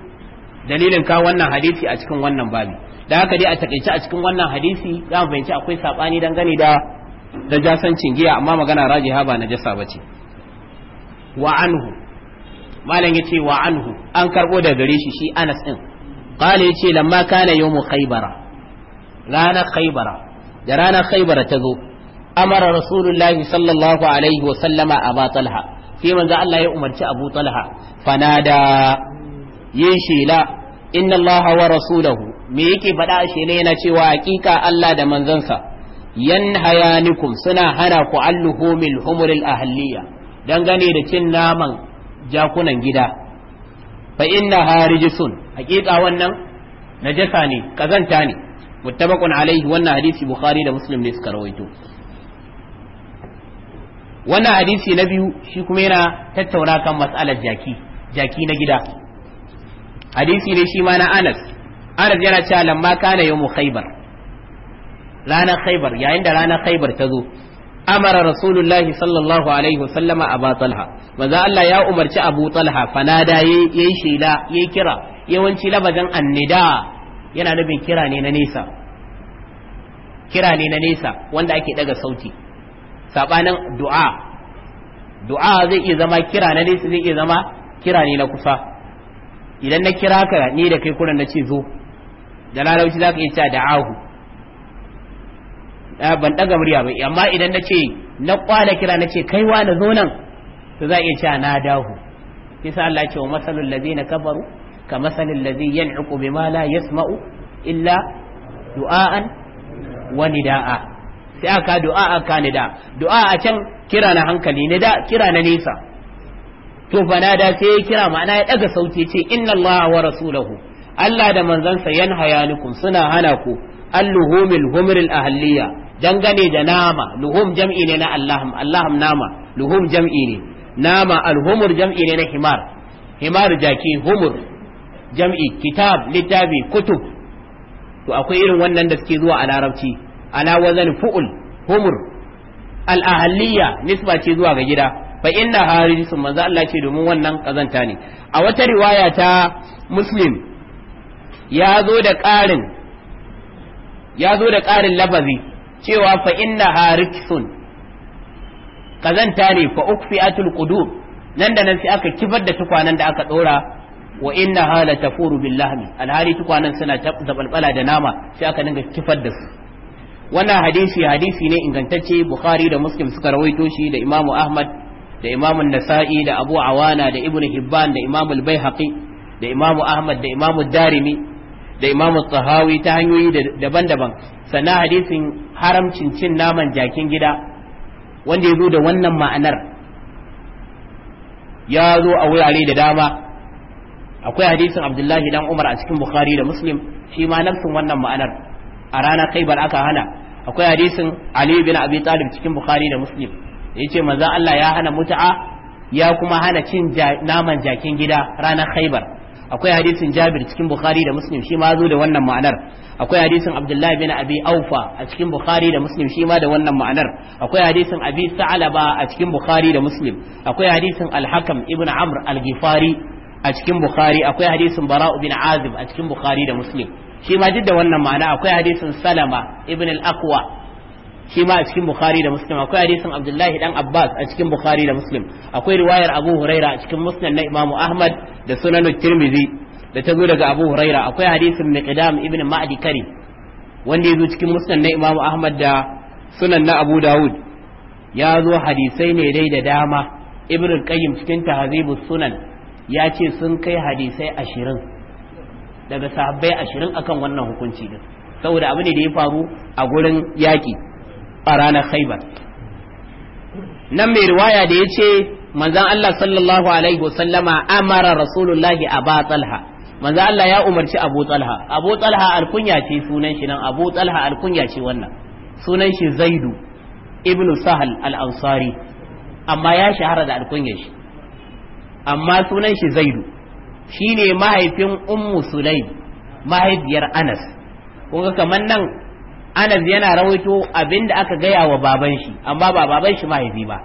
dalilin ka wannan hadisi a cikin wannan babi da haka dai a takaice a cikin wannan hadisi za mu fahimci akwai sabani dangane da najasancin giya amma magana rajiha ba jasa bace wa anhu malam yace wa anhu an karɓo da gare shi shi Anas din qala yace lamma kana yawmu khaybara ranar khaybara da ranar khaybara ta zo amara rasulullahi sallallahu alaihi wa sallama abu talha sai manzo Allah ya umarci abu talha fanada yin shela inna allaha wa rasulahu me yake faɗa a shela yana cewa hakika Allah da manzansa yanhayanikum suna hana ku alluhumil humuril ahliya dangane da cin naman jakunan gida fa inna harijisun hakika wannan najasa ne kazanta ne muttabaqun alaihi wannan hadisi bukhari da muslim ne suka rawaito wannan hadisi na biyu shi kuma yana tattauna kan mas'alar jaki jaki na gida hadisi ne shi ma na anas anas yana cewa lamma kana yawmu khaybar ranar khaybar yayin da ranar khaybar ta zo amara rasulullahi sallallahu alaihi sallama abu talha maza Allah ya umarci abu talha fanada yayi shela yi kira yawanci labajan annida yana nufin kira ne na nesa kira ne na nesa wanda ake daga sauti sabanin du'a du'a zai iya zama kira na nesa zai iya zama kira ne na kusa idan na kira ka ni da kai kuran na ce zo da lalauci za ka iya cewa da'ahu Ah, ban ɗaga murya ba amma idan na ce na kwana kira na ce kai wani zo nan to za a iya cewa na dahu kisa Allah ce wa masalul ladina kafaru ka masalul ladhi yan'iqu bima la yasma'u illa du'aan wani da'a sai aka du'a aka nida du'a a can kira na hankali da kira na nisa to fanada sai ya kira ma'ana ya ɗaga sauti ce inna Allah wa rasulahu Allah da manzansa yanhayanukum suna hana ku alluhumil humril ahliya dangane da nama luhum jam'i ne na allahum allahum nama luhum jam'i ne nama alhumur jam'i ne na himar himar jaki humur jam'i kitab littafi kutub to akwai irin wannan da suke zuwa a larabci ala wazan fu'ul humur al'ahaliya nisba ce zuwa ga gida fa inna harisun manzo Allah ce domin wannan kazanta ne a wata riwaya ta muslim ya zo da ƙarin ya zo da ƙarin lafazi cewa fa inna harikun kazanta ne fa ukfiatul qudum nan da nan sai aka kibar da tukwanan da aka dora wa inna hala tafuru billahi alhali tukwanan suna zabalbala da nama sai aka dinga kifar da su wannan hadisi hadisi ne ingantacce bukhari da muslim suka rawaito shi da imamu ahmad da imamu nasa'i da abu awana da ibnu hibban da imamu albayhaqi da imamu ahmad da imamu darimi da imamu tsahawi ta hanyoyi daban-daban sannan hadisin haramcin cin naman jakin gida wanda ya zo da wannan ma'anar ya zo a wurare da dama akwai hadisin abdullahi dan umar a cikin bukhari da muslim shi ma nafsin wannan ma'anar a rana bar aka hana akwai hadisin ali bin abi talib cikin bukhari da muslim ya ce manzon allah ya hana mut'a ya kuma hana cin naman jakin gida ranar khaibar akwai hadisin Jabir cikin Bukhari da Muslim shi ma zo da wannan ma'anar akwai hadisin Abdullahi bin Abi Aufa a cikin Bukhari da Muslim shi ma da wannan ma'anar akwai hadisin Abi Sa'alaba a cikin Bukhari da Muslim akwai hadisin alhakam hakam ibn Amr Al-Ghifari a cikin Bukhari akwai hadisin Bara'u bin Azib a cikin Bukhari da Muslim shi ma duk da wannan ma'ana akwai hadisin Salama ibn Al-Aqwa shi ma a cikin bukhari da muslim akwai hadisin abdullahi dan abbas a cikin bukhari da muslim akwai riwayar abu huraira a cikin musnad na imamu ahmad da sunan tirmidhi da ta zo daga abu huraira akwai hadisin miqdam ibn ma'di kari wanda ya zo cikin musnad na imamu ahmad da sunan na abu daud ya zo hadisai ne dai da dama ibn qayyim cikin tahzibus sunan ya ce sun kai hadisai ashirin daga sahabbai ashirin akan wannan hukunci din saboda abu ne da ya faru a gurin yaƙi a ranar khaibar nan mai riwaya da ya ce manzan Allah sallallahu alaihi wasallama amara rasulullahi a ba talha manzan Allah ya umarci abu talha abu talha alkunya ce sunan shi nan abu talha alkunya ce wannan sunan shi zaidu ibnu sahal al-ansari amma ya shahara da alkunyar shi amma sunan shi zaidu shine mahaifin ummu sulaim mahaifiyar anas kun ga kamar nan anas yana rawaito abinda aka gaya wa baban shi amma ba baban shi mahaifi ba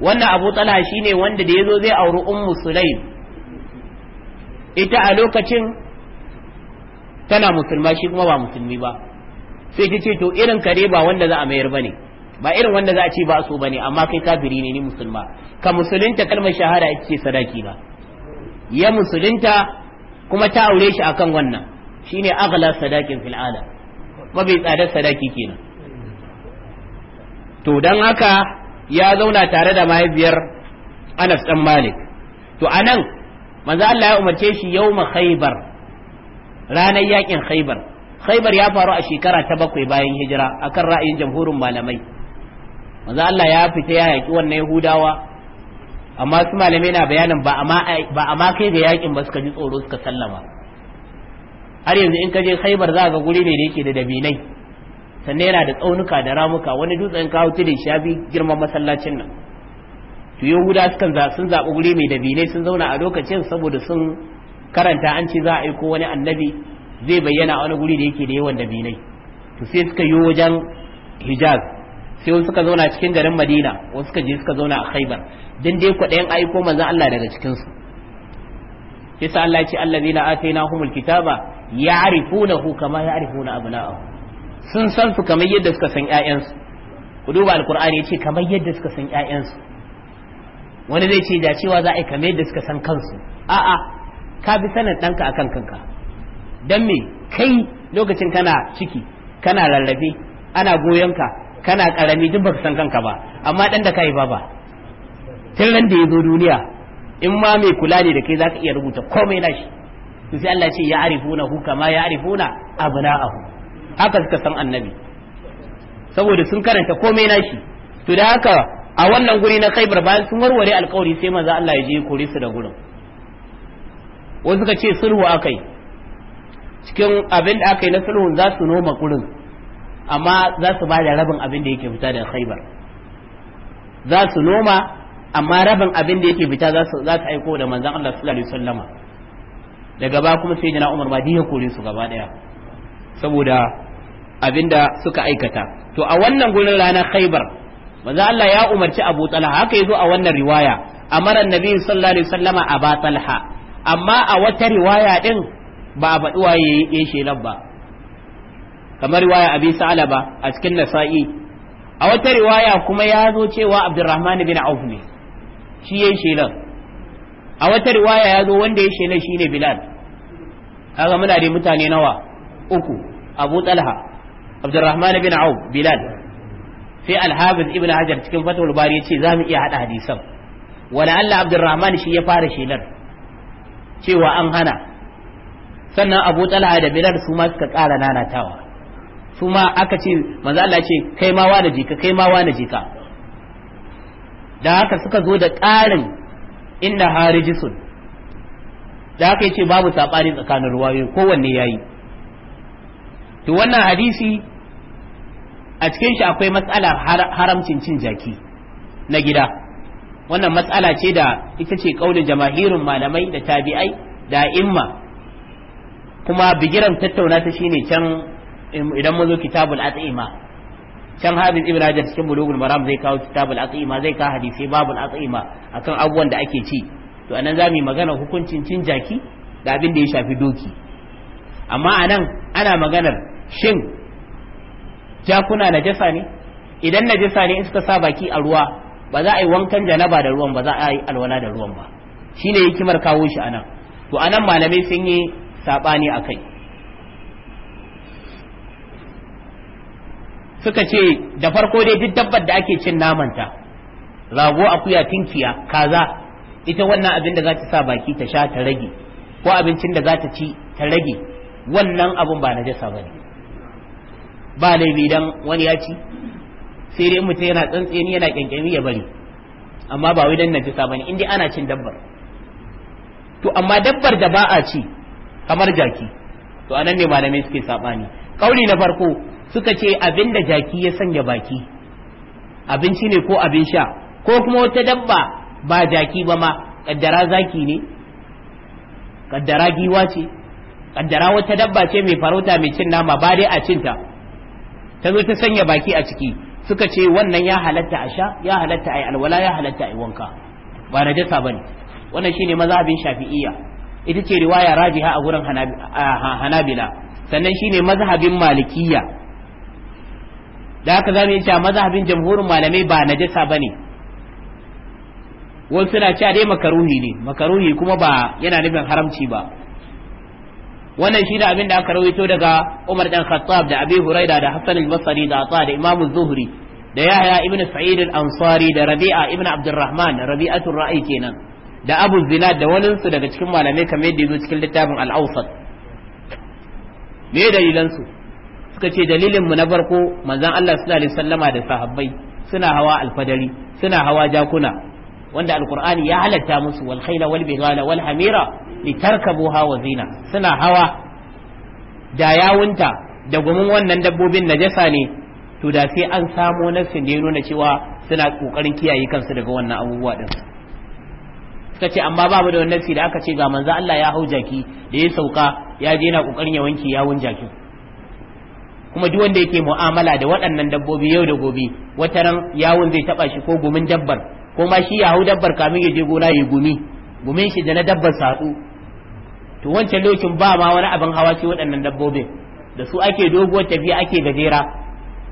wannan abu talha shine wanda da yazo zai auri ummu sulaim ita a lokacin tana musulma shi kuma ba musulmi ba sai ta ce to irin kare ba wanda za a mayar bane ba irin wanda za a ce ba so bane amma kai kafiri ne ni musulma ka musulunta kalmar shahada ita ce sadaki ba ya musulunta kuma ta aure shi akan wannan shine aghla sadakin fil alam mafi tsadar sadaki kenan to don haka ya zauna tare da mahaifiyar anas dan malik to anan manzo Allah ya umarce shi yau khaybar ranar yakin khaybar khaybar ya faru a shekara ta bakwai bayan hijira akan ra'ayin jamhurin malamai manzo Allah ya fita ya yaki wannan yahudawa amma su malamai na bayanin ba a ma kai ga yakin ba suka ji tsoro suka sallama har yanzu in ka je khaibar za ga guri ne da yake da dabinai sannan yana da tsaunuka da ramuka wani dutsen kawo tudun shafi girman masallacin nan to yahuda sukan za sun zaɓi guri mai dabinai sun zauna a lokacin saboda sun karanta an ce za a aiko wani annabi zai bayyana wani guri da yake da yawan dabinai to sai suka yi wajen hijaz sai wasu suka zauna cikin garin madina wasu suka je suka zauna a khaibar dan dai kwaɗayan aiko manzon allah daga cikinsu yasa allah ya ce allazina atainahumul kitaba ya'rifunahu kama ya'rifuna abna'ahu sun san su kamar yadda suka san ƴaƴansu ku duba alqur'ani yace kamar yadda suka san ƴaƴansu wani zai ce da cewa za a yi kamar yadda suka san kansu a'a ka bi sanin ɗanka akan kanka dan me kai lokacin kana ciki kana lallabe ana goyonka kana karami duk baka san kanka ba amma dan da kai ba ba tun nan da ya zo duniya in ma mai kula ne da kai zaka iya rubuta komai nashi to sai Allah ce ya arifuna hu kama ya arifuna abna'ahu haka suka san annabi saboda sun karanta komai nashi to da haka a wannan guri na Khaibar bayan sun warware alƙawari sai manzo Allah ya je kore su da gurin wasu suka ce sulhu akai cikin abin da akai na sulhun za su noma gurin amma za su ba da rabin abin da yake fita daga Khaibar za su noma amma rabin abin da yake fita za su aiko da manzon Allah sallallahu alaihi wasallama daga ba kuma sai jina umar ma ya kore su gaba daya saboda abinda suka aikata to a wannan gurin ranar khaibar manzo Allah ya umarci Abu Talha haka yazo a wannan riwaya amara annabi sallallahu alaihi wasallama ba Talha amma a wata riwaya din ba a faɗi waye ya shelan ba kamar riwaya Abi Salaba a cikin Nasa'i a wata riwaya kuma ya zo cewa Abdurrahman bin Auf ne shi ya shelan a wata riwaya ya zo wanda ya shelan shine Bilal kaga muna da mutane nawa uku abu talha abdurrahman bin auf bilal sai al ibn hajar cikin fatul bari yace za mu iya hada hadisan wala Allah abdurrahman shi ya fara shelar cewa an hana sannan abu talha da bilal su ma suka ƙara nanatawa su ma aka ce manzo Allah ce kai ma wani jika kai ma wani jika da haka suka zo da ƙarin inna harijisun da aka yace babu sabari tsakanin ruwayoyi kowanne yayi to wannan hadisi a cikin shi akwai matsala haramcin cin jaki na gida wannan matsala ce da ita ce kaulin jamahirin malamai da tabi'ai da imma kuma bigiran tattauna ta shine can idan mun zo kitabul at'ima can hafiz ibn hajar cikin bulugul maram zai kawo kitabul at'ima zai kawo hadisi babul at'ima akan abubuwan da ake ci to anan za mu yi magana hukuncin cin jaki da abin da ya shafi doki amma anan ana maganar shin jakuna na najasa ne idan na najasa ne in suka sa baki a ruwa ba za a yi wankan janaba da ruwan ba za a yi alwala da ruwan ba Shi shine hikimar kawo shi anan to anan malamai sun yi sabani akai suka ce da farko dai duk dabbar da ake cin namanta rago akuya tinkiya kaza ita wannan abin da za ta sa baki ta sha ta rage ko abincin da za ta ci ta rage wannan abin ba na jasa ne ba laifi dan wani ya ci sai dai mutum yana tsantseni yana kyankyami ya bari amma ba wai dan ba ne in dai ana cin dabbar to amma dabbar da ba a ci kamar jaki to anan ne malamai suke saɓani kauri na farko suka ce abin da jaki ya sanya baki abinci ne ko abin sha ko kuma wata dabba ba jaki ba ma kaddara zaki ne kaddara giwa ce kaddara wata dabba ce mai farauta mai cin nama ba dai a cinta ta zo ta sanya baki a ciki suka ce wannan ya halatta a sha ya halatta a yi alwala ya halatta a yi wanka ba na jasa ba ne wannan shine mazhabin shafi'iyya ita ce riwaya rajiha a gurin hanabila sannan shine mazhabin malikiyya da haka zamu iya cewa mazhabin jamhurin malamai ba najasa bane wasu suna cewa dai makaruhi ne makaruhi kuma ba yana nufin haramci ba wannan shi da abin da aka rawaito daga Umar dan Khattab da Abi Huraira da Hassan al-Basri da Atha da Imam Zuhri da Yahya ibn Sa'id al-Ansari da Rabi'a ibn Abdurrahman Rabi'atu Ra'i kenan da Abu zinad da wani su daga cikin malamai kamar yadda yazo cikin littafin al-Awsat me dalilan su suka ce dalilin mu na farko manzon Allah sallallahu alaihi wasallama da sahabbai suna hawa alfadari suna hawa jakuna wanda alkur'ani ya halatta musu wal khayla wal bighala wal hamira litarkabuha wa zina suna hawa da yawunta da gumin wannan dabbobin najasa ne to da sai an samo nasu da ya nuna cewa suna kokarin kiyaye kansu daga wannan abubuwa din suka ce amma babu da wannan da aka ce ga manzo Allah ya hau jaki da ya sauka ya je na kokarin ya wanke yawun jakin kuma duk wanda yake mu'amala da waɗannan dabbobi yau da gobe wata ran yawun zai taba shi ko gumin dabbar kuma shi ya hau dabbar kamin ya je gona ya gumi gumin shi da na dabbar saɗu to wancan lokacin ba ma wani abin hawa ce waɗannan dabbobin da su ake doguwar tafiya ake gajera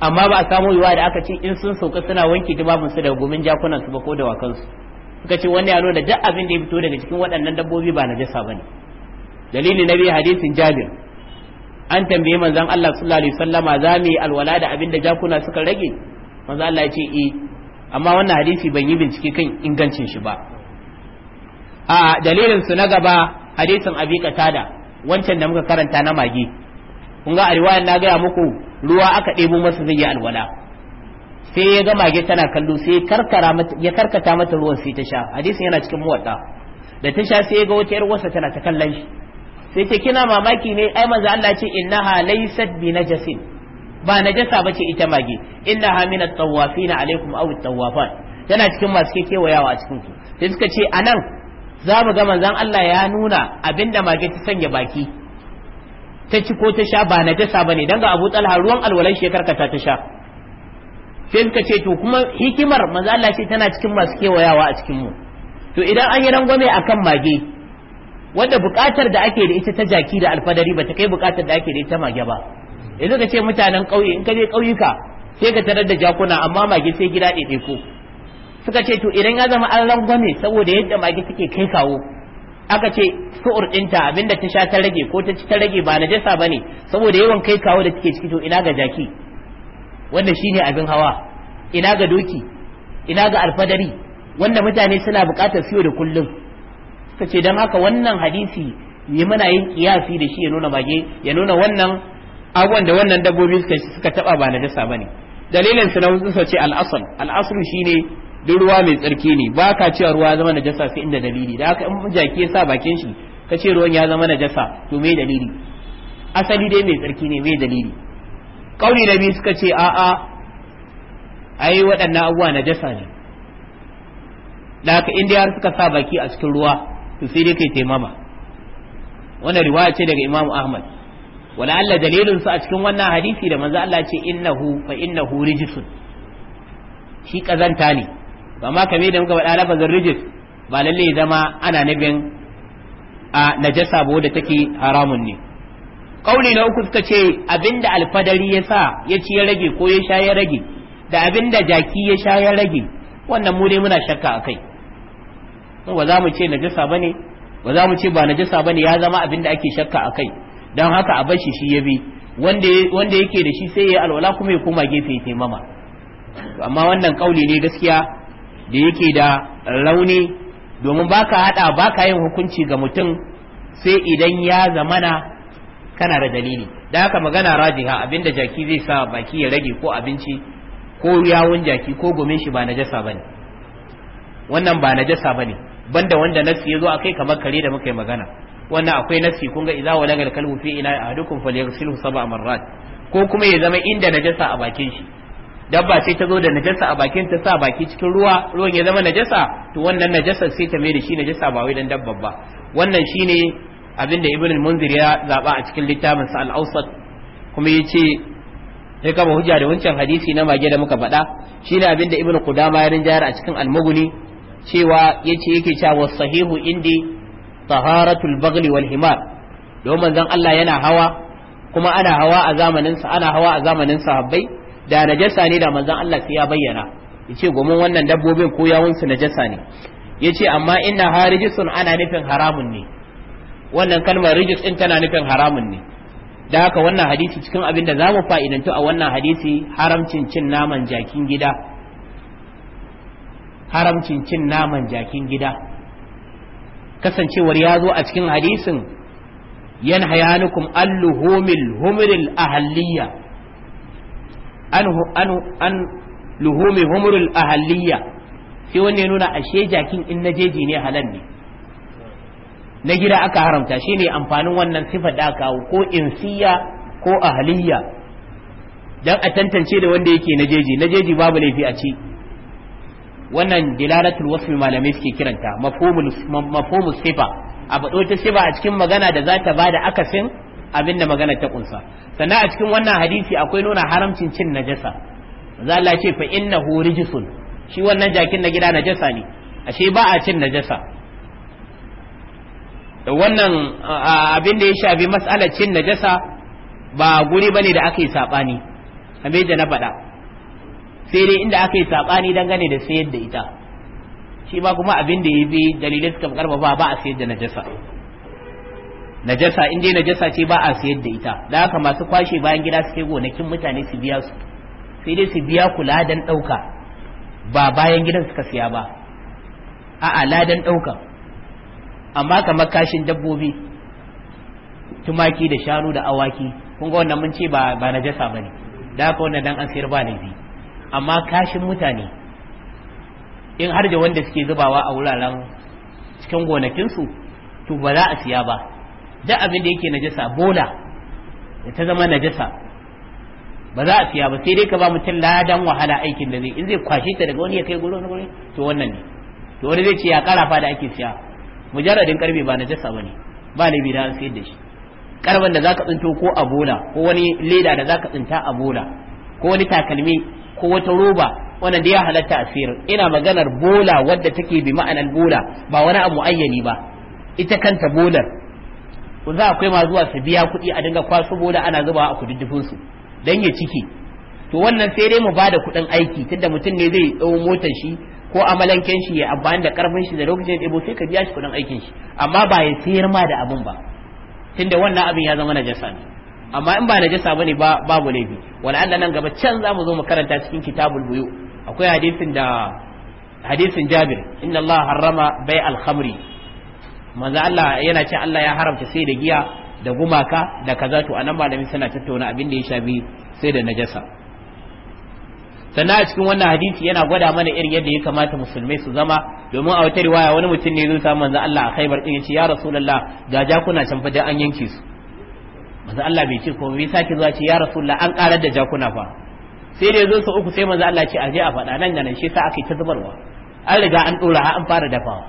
amma ba a samu yiwa da aka ce in sun sauka suna wanke su da gumin jakunan su ba ko da wakansu suka ce wannan ya nuna duk abin da ya fito daga cikin waɗannan dabbobi ba najasa bane dalili na biyu hadisin jabir an tambaye manzon Allah sallallahu alaihi wasallama za mu yi alwala da abin da jakuna suka rage manzon Allah ya ce eh amma wannan hadisi ban yi bincike kan ingancin shi ba a dalilin su na gaba hadisin abi katada wancan da muka karanta na magi kun ga a riwayar na gaya muku ruwa aka ɗebo masa zai yi alwala sai ya ga mage tana kallo sai ya karkata mata ruwan sai ta sha hadisin yana cikin muwatta da ta sha sai ya ga wata yar wasa tana ta kallon shi sai ce kina mamaki ne ai manzo Allah ce innaha laysat bi najasin ba najasa bace ita mage inna Hamina tawafina alaikum aw tawafan tana cikin masu kewayawa a cikin ku sai suka ce anan za mu ga manzon Allah ya nuna abinda mage ta sanya baki ta ci ko ta sha ba najasa bane dan ga Abu Talha ruwan alwalan ka ta sha sai suka ce to kuma hikimar manzon Allah ce tana cikin masu kewayawa a cikin mu to idan an yi rangwame akan mage wanda bukatar da ake da ita ta jaki da alfadari ba ta kai bukatar da ake da ita mage ba yanzu ka ce mutanen ƙauye in ka je ƙauyuka sai ka tarar da jakuna amma mage sai gida ko suka ce to idan ya zama an rangwame saboda yadda mage take kai kawo aka ce su'ur ɗinta abinda ta sha ta rage ko ta ci ta rage ba najasa bane saboda yawan kai kawo da take ciki to ina ga jaki wanda shine abin hawa ina ga doki ina ga alfadari wanda mutane suna buƙatar siyo da kullum suka ce don haka wannan hadisi ne muna yin kiyasi da shi ya nuna mage ya nuna wannan abubuwan da wannan dabbobi suka suka taba ba najasa bane dalilin su na hukunsa ce al'asal shi shine duk ruwa mai tsarki ne ba ka cewa ruwa zama najasa sai inda dalili da haka in jaki ya sa bakin shi ka ce ruwan ya zama najasa to me dalili asali dai mai tsarki ne me dalili kauli na biyu suka ce a'a ai waɗannan abubuwa najasa ne da haka in har suka sa baki a cikin ruwa to sai dai kai taimama wannan riwaya ce daga Imam Ahmad wala Allah dalilin su a cikin wannan hadisi da manzo Allah ce innahu fa innahu rijsun shi kazanta ne ba ma kame da muka faɗa lafazin rijis ba lalle ya zama ana nabin a najasa ba wadda take haramun ne kauli na uku suka ce abinda alfadari ya sa ya ci ya rage ko ya sha ya rage da abinda jaki ya sha ya rage wannan mu dai muna shakka akai ba za mu ce najasa bane ba za mu ce ba najasa bane ya zama abinda ake shakka akai don haka a bashi shi ya bi wanda yake da shi sai ya alwala kuma ya koma gefe ya taimama amma wannan kauli ne gaskiya da yake da rauni domin baka hada baka yin hukunci ga mutum sai idan ya zamana kana da dalili da haka magana rajiha abinda jaki zai sa baki ya rage ko abinci ko yawun jaki ko gomin shi ba najasa bane wannan ba najasa bane banda wanda nasu ya zo akai kamar kare da muka yi magana wannan akwai nasi kun ga idza walaga kalbu fi ina ahadukum falyaghsilhu sab'a marrat ko kuma ya zama inda najasa a bakin shi dabba sai ta zo da najasa a bakin ta sa baki cikin ruwa ruwan ya zama najasa to wannan najasa sai ta mai da shi najasa ba wai dan dabba ba wannan shine abinda ibn ibnu munzir ya zaba a cikin littafin sa al-awsat kuma yace sai kama hujja da wancan hadisi na mage da muka faɗa shine abinda ibnu qudama ya rinjayar a cikin al muguni cewa yace yake cewa sahihu indi taharatul bagli wal himar don manzon Allah yana hawa kuma ana hawa a zamanin sa ana hawa a zamanin sahabbai da najasa ne da manzon Allah sai ya bayyana yace gomin wannan dabbobin ko yawun su najasa ne yace amma inna harijisun ana nufin haramun ne wannan kalmar rijis din tana nufin haramun ne da haka wannan hadisi cikin abin da za mu fa'idantu a wannan hadisi haramcin cin naman jakin gida haramcin cin naman jakin gida kasancewar ya zo a cikin hadisin yan hayanukum alluhumil humril ahaliya an luhumi humril ahaliya sai wanne nuna ashe jakin in na jeji ne halal ne na gida aka haramta shine amfanin wannan sifar da aka ko insiya ko ahaliya dan a tantance da wanda yake na jeji na jeji babu laifi a ci wannan dilalatul wasfi malamai suke kiranta mafhumul mafhumus sifa a bado ta sifa a cikin magana da za ta bada akasin abin da magana ta kunsa sannan a cikin wannan hadisi akwai nuna haramcin cin najasa za Allah ce fa innahu rijsun shi wannan jakin na gida najasa ne ashe ba a cin najasa wannan abin da ya shafi mas'alar cin najasa ba guri bane da aka yi sabani kamar da na faɗa sai dai inda aka yi sabani dangane da sayar da ita shi ba kuma abin da ya bi dalilai suka karba ba a sayar da najasa najasa in dai najasa ce ba a sayar da ita da haka masu kwashe bayan gida suke gonakin mutane su biya su sai dai su biya kula ladan ɗauka ba bayan gidan suka siya ba a'a ladan ɗauka amma kamar kashin dabbobi tumaki da shanu da awaki kun ga wannan mun ce ba ba najasa bane da haka wannan dan an sayar ba laifi amma kashin mutane in har da wanda suke zubawa a wuraren cikin gonakinsu to ba za a siya ba da abin da yake najasa bola da ta zama najasa ba za a siya ba sai dai ka ba mutum ladan wahala aikin da zai in zai kwashe ta daga wani ya kai na wani to wannan ne to wani zai ce ya karafa da ake siya mujarradin karfe ba najasa ba ne ba laifi da an sayar da shi karban da zaka tsinto ko a bola ko wani leda da zaka tsinta a bola ko wani takalmi ko wata roba wanda da ya halatta asirin ina maganar bola wadda take bi ma'anar bola ba wani abu ayyani ba ita kanta bolar ku za akwai ma zuwa su biya kuɗi a dinga kwaso bola ana zuba a kududdufin su dan ya ciki to wannan sai dai mu bada kuɗin aiki tunda mutum ne zai tsawo motar shi ko amalanken shi ya amfani da karfin shi da lokacin da sai ka biya shi kuɗin aikin shi amma ba ya sayar ma da abun ba tunda wannan abin ya zama najasa ne amma in ba najasa bane ba babu laifi wala Allah nan gaba can za mu zo mu karanta cikin kitabul buyu akwai hadisin da hadisin Jabir inna Allah harrama bai alhamri khamri manzo Allah yana ce Allah ya haramta sai da giya da gumaka da kaza to anan malami suna tattauna abin da ya shafi sai da najasa sannan a cikin wannan hadisi yana gwada mana irin yadda ya kamata musulmai su zama domin a wata riwaya wani mutum ne zai samu manzo Allah a Khaibar din ya ce ya Rasulullah ga jakuna can fa an yanke su manzo Allah bai ce komai bai sake zuwa ce ya rasulullah an karar da jakuna fa sai da zo su uku sai manzo Allah ce a je a faɗa nan ganin shi sa aka yi ta zubarwa an riga an dora an fara dafawa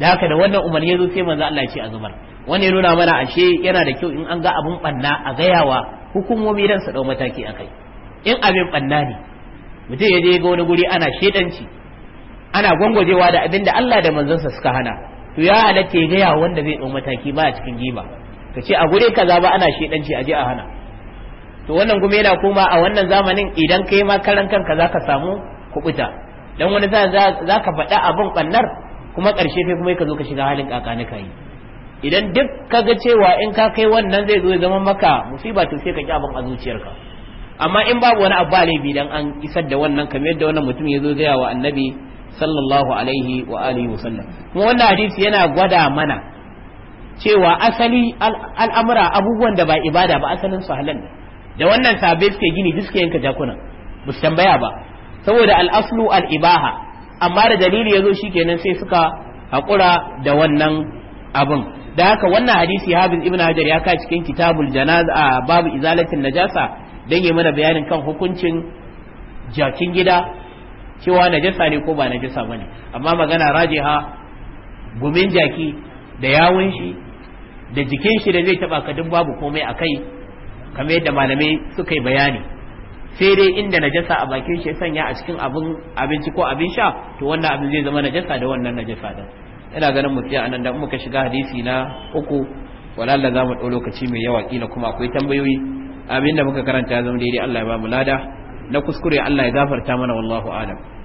da haka da wannan umarni ya zo sai manzo Allah ce a zubar wani ya nuna mana ashe yana da kyau in an ga abun banna a gayawa hukumomi dan su dau mataki akai in abin banna ne mutum ya je ga wani guri ana shedanci ana gwangwajewa da abin da Allah da manzansa suka hana to ya halatta ya gaya wanda zai dau mataki ba a cikin giba ka ce a gure kaza ba ana shedanci a aje a hana to wannan kuma yana koma a wannan zamanin idan kai ma karan kanka zaka samu kubuta dan wani za ka faɗa abin bannar kuma ƙarshe kai kuma ka zo ka shiga halin kakani kai idan duk ka ga cewa in ka kai wannan zai zo ya zama maka musiba to sai ka ki abin a zuciyarka amma in babu wani abu laifi dan an isar da wannan kamar yadda wannan mutum ya zo gaya wa annabi sallallahu alaihi wa alihi wa sallam kuma wannan hadisi yana gwada mana cewa asali al'amura abubuwan da ba ibada ba asalin su halal ne da wannan sabai suke gini duk suke yanka jakuna ba su tambaya ba saboda al'aslu al'ibaha amma da dalili ya zo shikenan sai suka haƙura da wannan abin da haka wannan hadisi habib ibn hajar ya ka cikin kitabul janaza babu izalatin najasa dan yi mana bayanin kan hukuncin jakin gida cewa najasa ne ko ba najasa bane amma magana rajiha gumin jaki da yawun shi da jikin shi da zai taba ka duk babu komai a kai kamar yadda malamai suka yi bayani sai dai inda najasa a bakin shi sanya a cikin abin abinci ko abin sha to wannan abin zai zama najasa da wannan najasa da. ina ganin mu tsaya anan da muka shiga hadisi na uku walalla za mu ɗau lokaci mai yawa kila kuma akwai tambayoyi abin da muka karanta ya zama daidai Allah ya ba mu lada na kuskure Allah ya gafarta mana wallahu alam